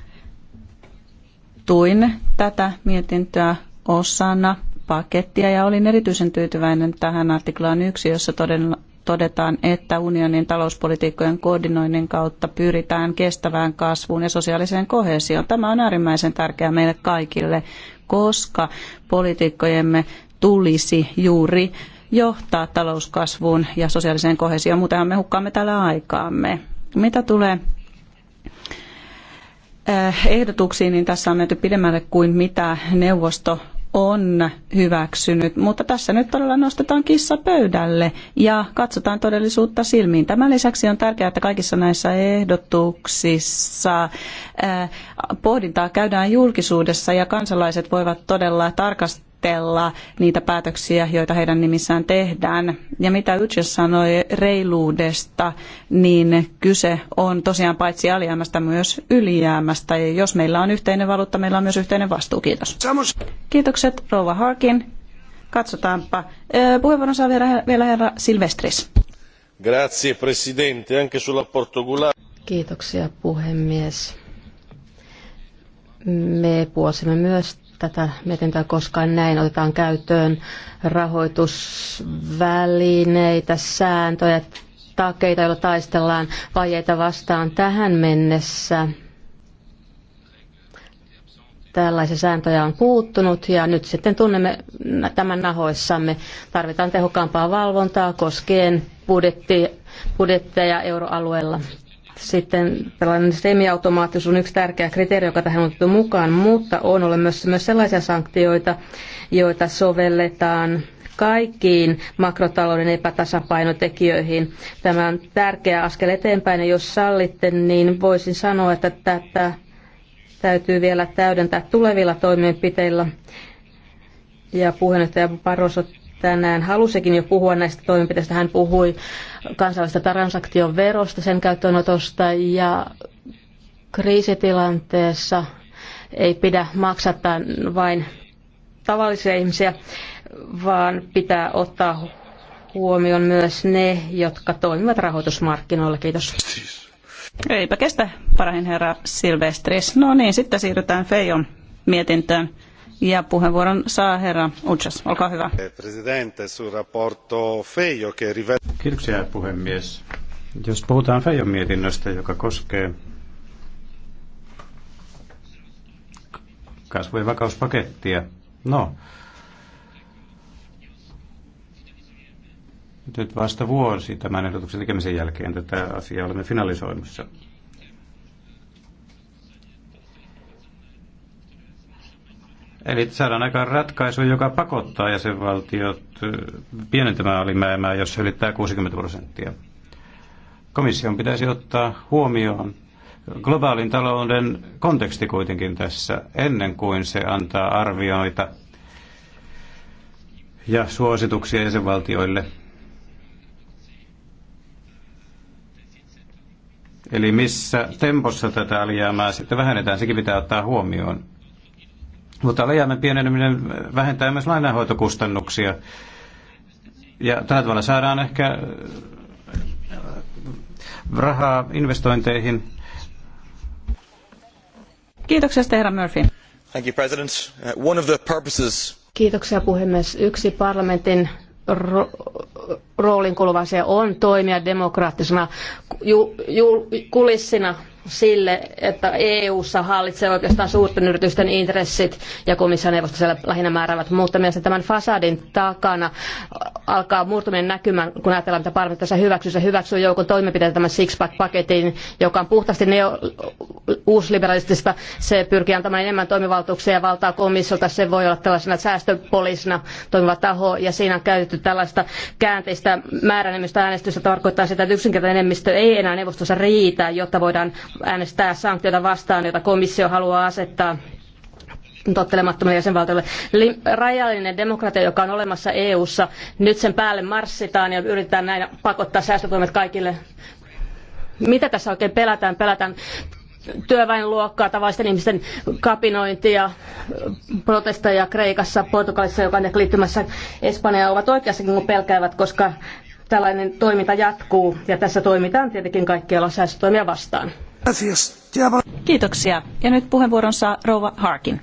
Tuin tätä mietintöä osana pakettia ja olin erityisen tyytyväinen tähän artiklaan yksi, jossa todella todetaan, että unionin talouspolitiikkojen koordinoinnin kautta pyritään kestävään kasvuun ja sosiaaliseen kohesioon. Tämä on äärimmäisen tärkeää meille kaikille, koska politiikkojemme tulisi juuri johtaa talouskasvuun ja sosiaaliseen kohesioon. Muutenhan me hukkaamme täällä aikaamme. Mitä tulee eh, ehdotuksiin, niin tässä on menty pidemmälle kuin mitä neuvosto on hyväksynyt, mutta tässä nyt todella nostetaan kissa pöydälle ja katsotaan todellisuutta silmiin. Tämän lisäksi on tärkeää, että kaikissa näissä ehdotuksissa eh, pohdintaa käydään julkisuudessa ja kansalaiset voivat todella tarkastaa suunnitella niitä päätöksiä, joita heidän nimissään tehdään. Ja mitä Ytse sanoi reiluudesta, niin kyse on tosiaan paitsi alijäämästä myös ylijäämästä. Ja jos meillä on yhteinen valuutta, meillä on myös yhteinen vastuu. Kiitos. Samus. Kiitokset Rova Harkin. Katsotaanpa. Puheenvuoron saa vielä herra Silvestris. Grazie Presidente, anche sulla Portugal... Kiitoksia puhemies me puosimme myös tätä mietintöä koskaan näin. Otetaan käyttöön rahoitusvälineitä, sääntöjä, takeita, joilla taistellaan vajeita vastaan tähän mennessä. Tällaisia sääntöjä on puuttunut ja nyt sitten tunnemme tämän nahoissamme. Tarvitaan tehokkaampaa valvontaa koskien budjetteja euroalueella sitten tällainen semiautomaattisuus on yksi tärkeä kriteeri, joka tähän on otettu mukaan, mutta on olemassa myös sellaisia sanktioita, joita sovelletaan kaikkiin makrotalouden epätasapainotekijöihin. Tämä on tärkeä askel eteenpäin ja jos sallitte, niin voisin sanoa, että tätä täytyy vielä täydentää tulevilla toimenpiteillä. Ja puheenjohtaja Barroso tänään halusikin jo puhua näistä toimenpiteistä. Hän puhui kansallista transaktion verosta, sen käyttöönotosta ja kriisitilanteessa ei pidä maksattaa vain tavallisia ihmisiä, vaan pitää ottaa huomioon myös ne, jotka toimivat rahoitusmarkkinoilla. Kiitos. Eipä kestä parahin herra Silvestris. No niin, sitten siirrytään Feijon mietintöön. Ja puheenvuoron saa herra Utsas. Olkaa hyvä. Presidente, Kiitoksia puhemies. Jos puhutaan Feijon mietinnöstä, joka koskee kasvu- ja vakauspakettia. No, nyt vasta vuosi tämän ehdotuksen tekemisen jälkeen tätä asiaa olemme finalisoimassa. Eli saadaan aikaan ratkaisu, joka pakottaa jäsenvaltiot pienentämään alimäämää, jos se ylittää 60 prosenttia. Komission pitäisi ottaa huomioon globaalin talouden konteksti kuitenkin tässä, ennen kuin se antaa arvioita ja suosituksia jäsenvaltioille. Eli missä tempossa tätä alijäämää sitten vähennetään, sekin pitää ottaa huomioon. Mutta alijäämän pieneneminen vähentää myös lainanhoitokustannuksia. Ja tällä tavalla saadaan ehkä äh, rahaa investointeihin. Kiitoksia, herra Murphy. Thank you, President. Uh, one of the purposes... Kiitoksia, puhemies. Yksi parlamentin ro- roolin kuuluva asia on toimia demokraattisena ju- ju- kulissina sille, että EU-ssa hallitsee oikeastaan suurten yritysten intressit ja neuvosto siellä lähinnä määräävät, mutta mielestäni tämän fasadin takana alkaa murtuminen näkymään, kun ajatellaan, mitä parlamentti tässä hyväksyy. Se hyväksyy joukon toimenpiteitä tämän Sixpack-paketin, joka on puhtaasti neo- uusliberalistista. Se pyrkii antamaan enemmän toimivaltuuksia ja valtaa komissiolta. Se voi olla tällaisena säästöpoliisina toimiva taho, ja siinä on käytetty tällaista käänteistä määränemistä äänestystä. Tarkoittaa sitä, että yksinkertainen enemmistö ei enää neuvostossa riitä, jotta voidaan äänestää sanktioita vastaan, joita komissio haluaa asettaa tottelemattomille jäsenvaltioille. Rajallinen demokratia, joka on olemassa EU:ssa, nyt sen päälle marssitaan ja yritetään näin pakottaa säästötoimet kaikille. Mitä tässä oikein pelätään? Pelätään työväenluokkaa, tavallisten ihmisten kapinointia, protesteja Kreikassa, Portugalissa, joka on liittymässä Espanjaan, ovat oikeassakin kun pelkäävät, koska tällainen toiminta jatkuu ja tässä toimitaan tietenkin kaikkialla säästötoimia vastaan. Kiitoksia. Ja nyt puheenvuoron saa Rova Harkin.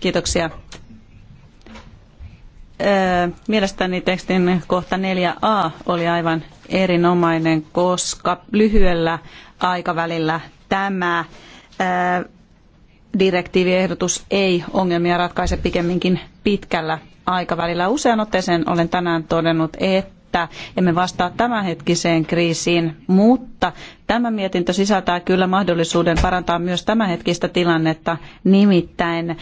Kiitoksia. Mielestäni tekstin kohta 4a oli aivan erinomainen, koska lyhyellä aikavälillä tämä direktiiviehdotus ei ongelmia ratkaise pikemminkin pitkällä aikavälillä. Usean otteeseen olen tänään todennut, että että emme vastaa tämänhetkiseen kriisiin, mutta tämä mietintö sisältää kyllä mahdollisuuden parantaa myös tämänhetkistä tilannetta, nimittäin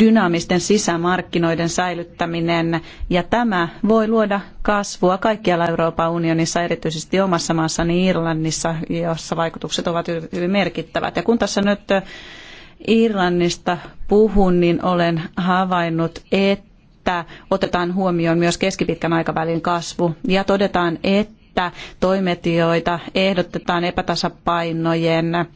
dynaamisten sisämarkkinoiden säilyttäminen. Ja tämä voi luoda kasvua kaikkialla Euroopan unionissa, erityisesti omassa maassani Irlannissa, jossa vaikutukset ovat hyvin merkittävät. Ja kun tässä nyt Irlannista puhun, niin olen havainnut, että että otetaan huomioon myös keskipitkän aikavälin kasvu ja todetaan, että toimet, joita ehdotetaan epätasapainojen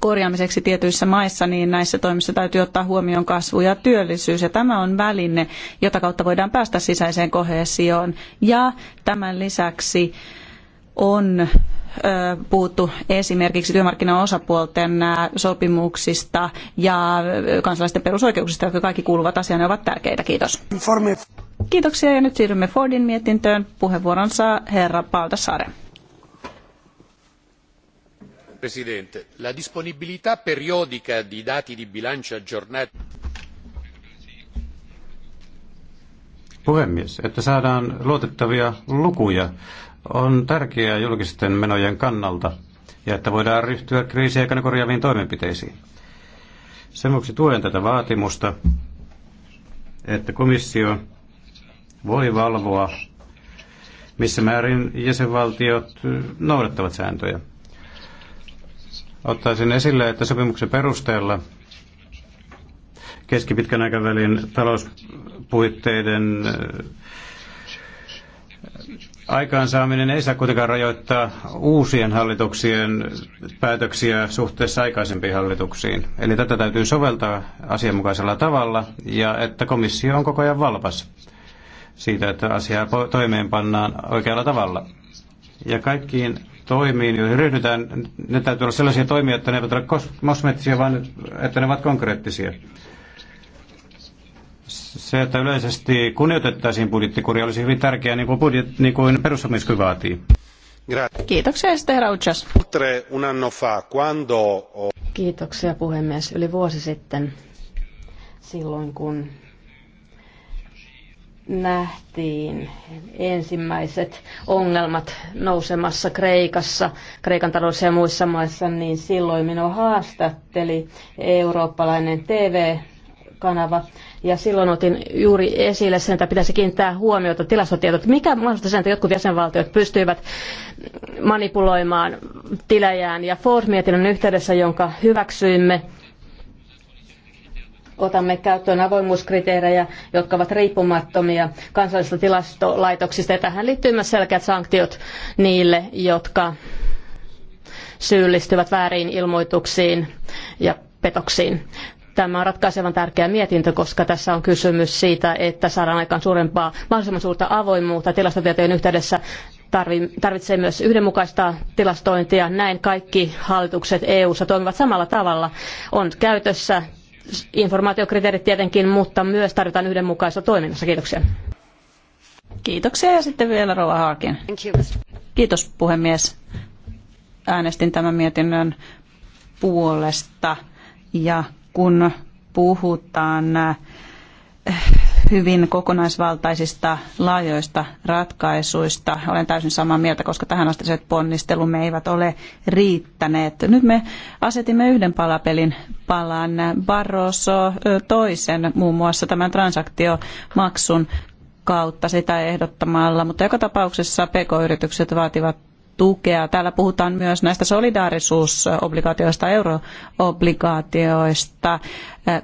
korjaamiseksi tietyissä maissa, niin näissä toimissa täytyy ottaa huomioon kasvu ja työllisyys. Ja tämä on väline, jota kautta voidaan päästä sisäiseen koheesioon. Ja tämän lisäksi on puhuttu esimerkiksi työmarkkinaosapuolten sopimuksista ja kansalaisten perusoikeuksista, jotka kaikki kuuluvat asiaan ja ovat tärkeitä. Kiitos. Informi. Kiitoksia ja nyt siirrymme Fordin mietintöön. Puheenvuoron saa herra Paltasaare. Presidente, la disponibilità periodica di dati di bilancio aggiornati puhemies, että saadaan luotettavia lukuja on tärkeää julkisten menojen kannalta ja että voidaan ryhtyä kriisiaikana korjaaviin toimenpiteisiin. Sen vuoksi tuen tätä vaatimusta, että komissio voi valvoa, missä määrin jäsenvaltiot noudattavat sääntöjä. Ottaisin esille, että sopimuksen perusteella keskipitkän aikavälin talouspuitteiden aikaansaaminen ei saa kuitenkaan rajoittaa uusien hallituksien päätöksiä suhteessa aikaisempiin hallituksiin. Eli tätä täytyy soveltaa asianmukaisella tavalla ja että komissio on koko ajan valpas siitä, että asiaa toimeenpannaan oikealla tavalla. Ja kaikkiin toimiin, joihin ryhdytään, ne täytyy olla sellaisia toimia, että ne eivät ole kosmeettisia, vaan että ne ovat konkreettisia se, että yleisesti kunnioitettaisiin budjettikuria, olisi hyvin tärkeää, niin kuin, budjet, niin kuin perussopimuskin vaatii. Kiitoksia, sitten herra Kiitoksia, puhemies. Yli vuosi sitten, silloin kun nähtiin ensimmäiset ongelmat nousemassa Kreikassa, Kreikan taloudessa ja muissa maissa, niin silloin minua haastatteli eurooppalainen TV-kanava ja silloin otin juuri esille sen, että pitäisi kiinnittää huomiota tilastotietot. Mikä mahdollista sen, että jotkut jäsenvaltiot pystyivät manipuloimaan tilejään. Ja Ford-mietinnön yhteydessä, jonka hyväksyimme, otamme käyttöön avoimuuskriteerejä, jotka ovat riippumattomia kansallisista tilastolaitoksista. Ja tähän liittyy myös selkeät sanktiot niille, jotka syyllistyvät vääriin ilmoituksiin ja petoksiin. Tämä on ratkaisevan tärkeä mietintö, koska tässä on kysymys siitä, että saadaan aikaan suurempaa, mahdollisimman suurta avoimuutta tilastotietojen yhteydessä tarvitsee myös yhdenmukaista tilastointia. Näin kaikki hallitukset EU-ssa toimivat samalla tavalla. On käytössä informaatiokriteerit tietenkin, mutta myös tarvitaan yhdenmukaista toiminnassa. Kiitoksia. Kiitoksia ja sitten vielä Rova Haakin. Kiitos puhemies. Äänestin tämän mietinnön puolesta ja kun puhutaan eh, hyvin kokonaisvaltaisista laajoista ratkaisuista. Olen täysin samaa mieltä, koska tähän se ponnistelumme eivät ole riittäneet. Nyt me asetimme yhden palapelin palan Barroso eh, toisen, muun muassa tämän transaktiomaksun kautta sitä ehdottamalla, mutta joka tapauksessa pk-yritykset vaativat tukea. Täällä puhutaan myös näistä solidaarisuusobligaatioista, euroobligaatioista.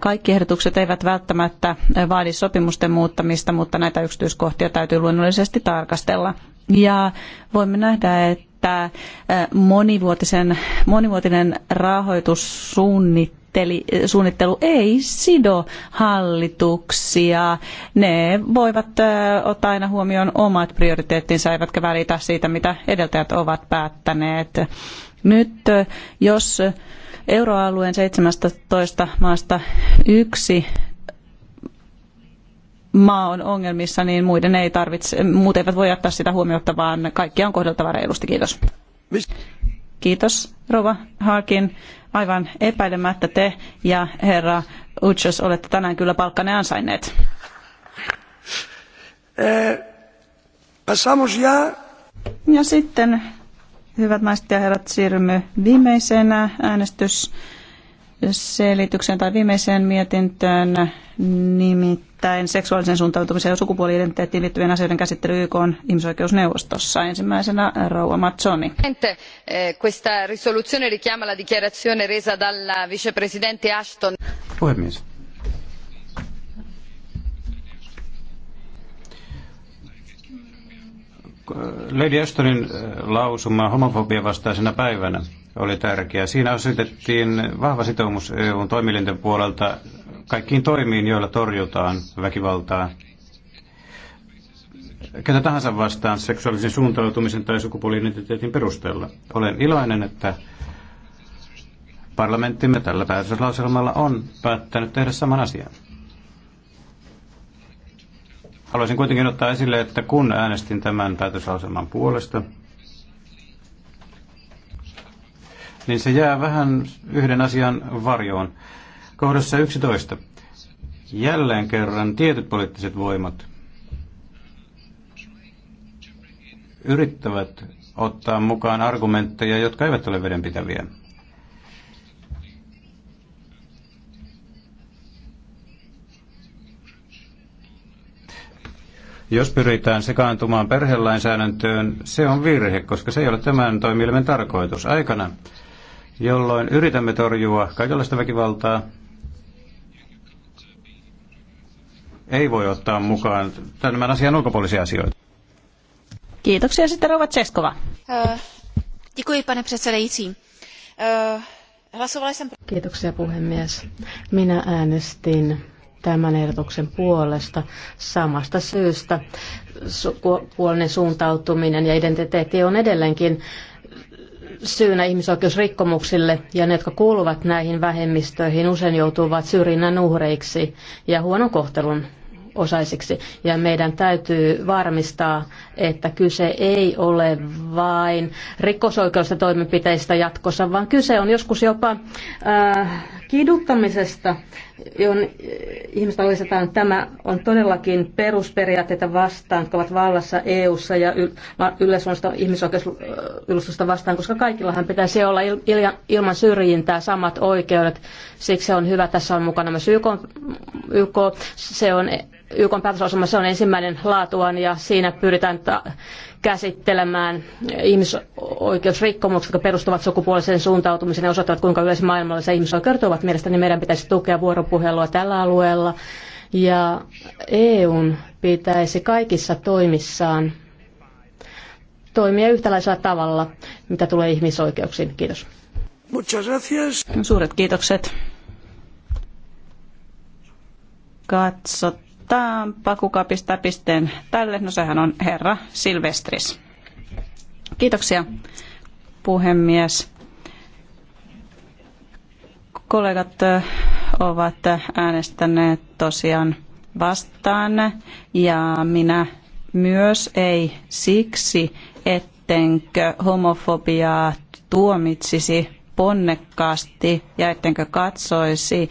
Kaikki ehdotukset eivät välttämättä vaadi sopimusten muuttamista, mutta näitä yksityiskohtia täytyy luonnollisesti tarkastella. Ja voimme nähdä, että monivuotisen, monivuotinen rahoitussuunnitelma suunnittelu ei sido hallituksia. Ne voivat ottaa aina huomioon omat prioriteettinsa, eivätkä välitä siitä, mitä edeltäjät ovat päättäneet. Nyt jos euroalueen 17 maasta yksi maa on ongelmissa, niin muiden ei tarvitse, muut eivät voi ottaa sitä huomiota, vaan kaikkia on kohdeltava reilusti. Kiitos. Kiitos, Rova Harkin, Aivan epäilemättä te ja herra Uchos olette tänään kyllä palkkanne ansainneet. Eh, ja sitten, hyvät naiset ja herrat, siirrymme viimeiseen äänestys selitykseen tai viimeiseen mietintöön, nimittäin seksuaalisen suuntautumisen ja sukupuoli-identiteettiin liittyvien asioiden käsittely YK on ihmisoikeusneuvostossa. Ensimmäisenä Rouva Mazzoni. Eh, questa risoluzione richiama la dichiarazione resa dalla vicepresidente Ashton. Puhemies. Lady Ashtonin eh, lausuma homofobia vastaisena päivänä oli tärkeä. Siinä osoitettiin vahva sitoumus EUn toimielinten puolelta kaikkiin toimiin, joilla torjutaan väkivaltaa ketä tahansa vastaan seksuaalisen suuntautumisen tai sukupuoli-identiteetin perusteella. Olen iloinen, että parlamenttimme tällä päätöslauselmalla on päättänyt tehdä saman asian. Haluaisin kuitenkin ottaa esille, että kun äänestin tämän päätöslauselman puolesta, niin se jää vähän yhden asian varjoon. Kohdassa 11. Jälleen kerran tietyt poliittiset voimat yrittävät ottaa mukaan argumentteja, jotka eivät ole vedenpitäviä. Jos pyritään sekaantumaan perhelainsäädäntöön, se on virhe, koska se ei ole tämän toimielimen tarkoitus. Aikana, jolloin yritämme torjua kaikenlaista väkivaltaa, ei voi ottaa mukaan tämän asian ulkopuolisia asioita. Kiitoksia sitten Rova Českova. Äh, děkuji, pane předsedající. Äh, Kiitoksia puhemies. Minä äänestin tämän ehdotuksen puolesta samasta syystä. Sukupuolinen suuntautuminen ja identiteetti on edelleenkin syynä ihmisoikeusrikkomuksille ja ne, jotka kuuluvat näihin vähemmistöihin, usein joutuvat syrjinnän uhreiksi ja huonon kohtelun osaisiksi. Ja meidän täytyy varmistaa, että kyse ei ole vain rikosoikeudesta toimenpiteistä jatkossa, vaan kyse on joskus jopa äh, kiduttamisesta, johon ihmistä että Tämä on todellakin perusperiaatteita vastaan, jotka ovat vallassa EU-ssa ja yleisluonnosta ihmisoikeusjulistusta vastaan, koska kaikillahan pitäisi olla ilman syrjintää samat oikeudet. Siksi on hyvä, tässä on mukana myös YK, YK se on YK se on ensimmäinen laatuaan ja siinä pyritään käsittelemään ihmisoikeusrikkomukset, jotka perustuvat sukupuoliseen suuntautumiseen ja osoittavat, kuinka yleismaailmallisia ihmisoikeudet ovat. Mielestäni meidän pitäisi tukea vuoropuhelua tällä alueella ja EUn pitäisi kaikissa toimissaan toimia yhtäläisellä tavalla, mitä tulee ihmisoikeuksiin. Kiitos. Suuret kiitokset. Katsot Otetaanpa kuka pistää pisteen tälle. No sehän on herra Silvestris. Kiitoksia puhemies. Kollegat eh, ovat äänestäneet tosiaan vastaan ja minä myös ei siksi, ettenkö homofobiaa tuomitsisi ponnekkaasti ja ettenkö katsoisi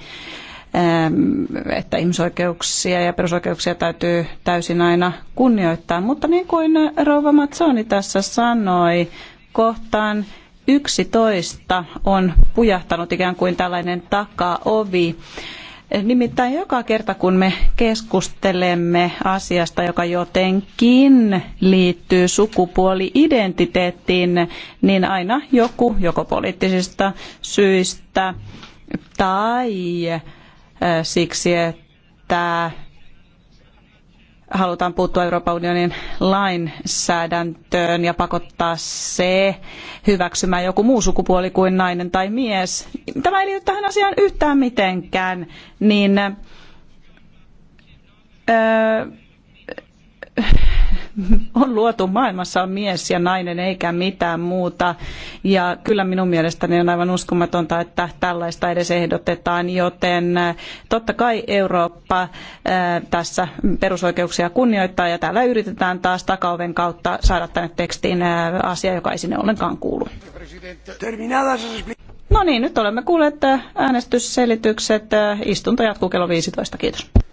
että ihmisoikeuksia ja perusoikeuksia täytyy täysin aina kunnioittaa. Mutta niin kuin Rouva Matsoni tässä sanoi, kohtaan 11 on pujahtanut ikään kuin tällainen takaovi. Nimittäin joka kerta kun me keskustelemme asiasta, joka jotenkin liittyy sukupuoli-identiteettiin, niin aina joku joko poliittisista syistä tai siksi, että halutaan puuttua Euroopan unionin lainsäädäntöön ja pakottaa se hyväksymään joku muu sukupuoli kuin nainen tai mies. Tämä ei liity tähän asiaan yhtään mitenkään, niin öö, on luotu maailmassa on mies ja nainen eikä mitään muuta. Ja kyllä minun mielestäni on aivan uskomatonta, että tällaista edes ehdotetaan, joten äh, totta kai Eurooppa äh, tässä perusoikeuksia kunnioittaa ja täällä yritetään taas takaoven kautta saada tänne tekstiin äh, asia, joka ei sinne ollenkaan kuulu. No niin, nyt olemme kuulleet äänestysselitykset. Istunto jatkuu kello 15. Kiitos.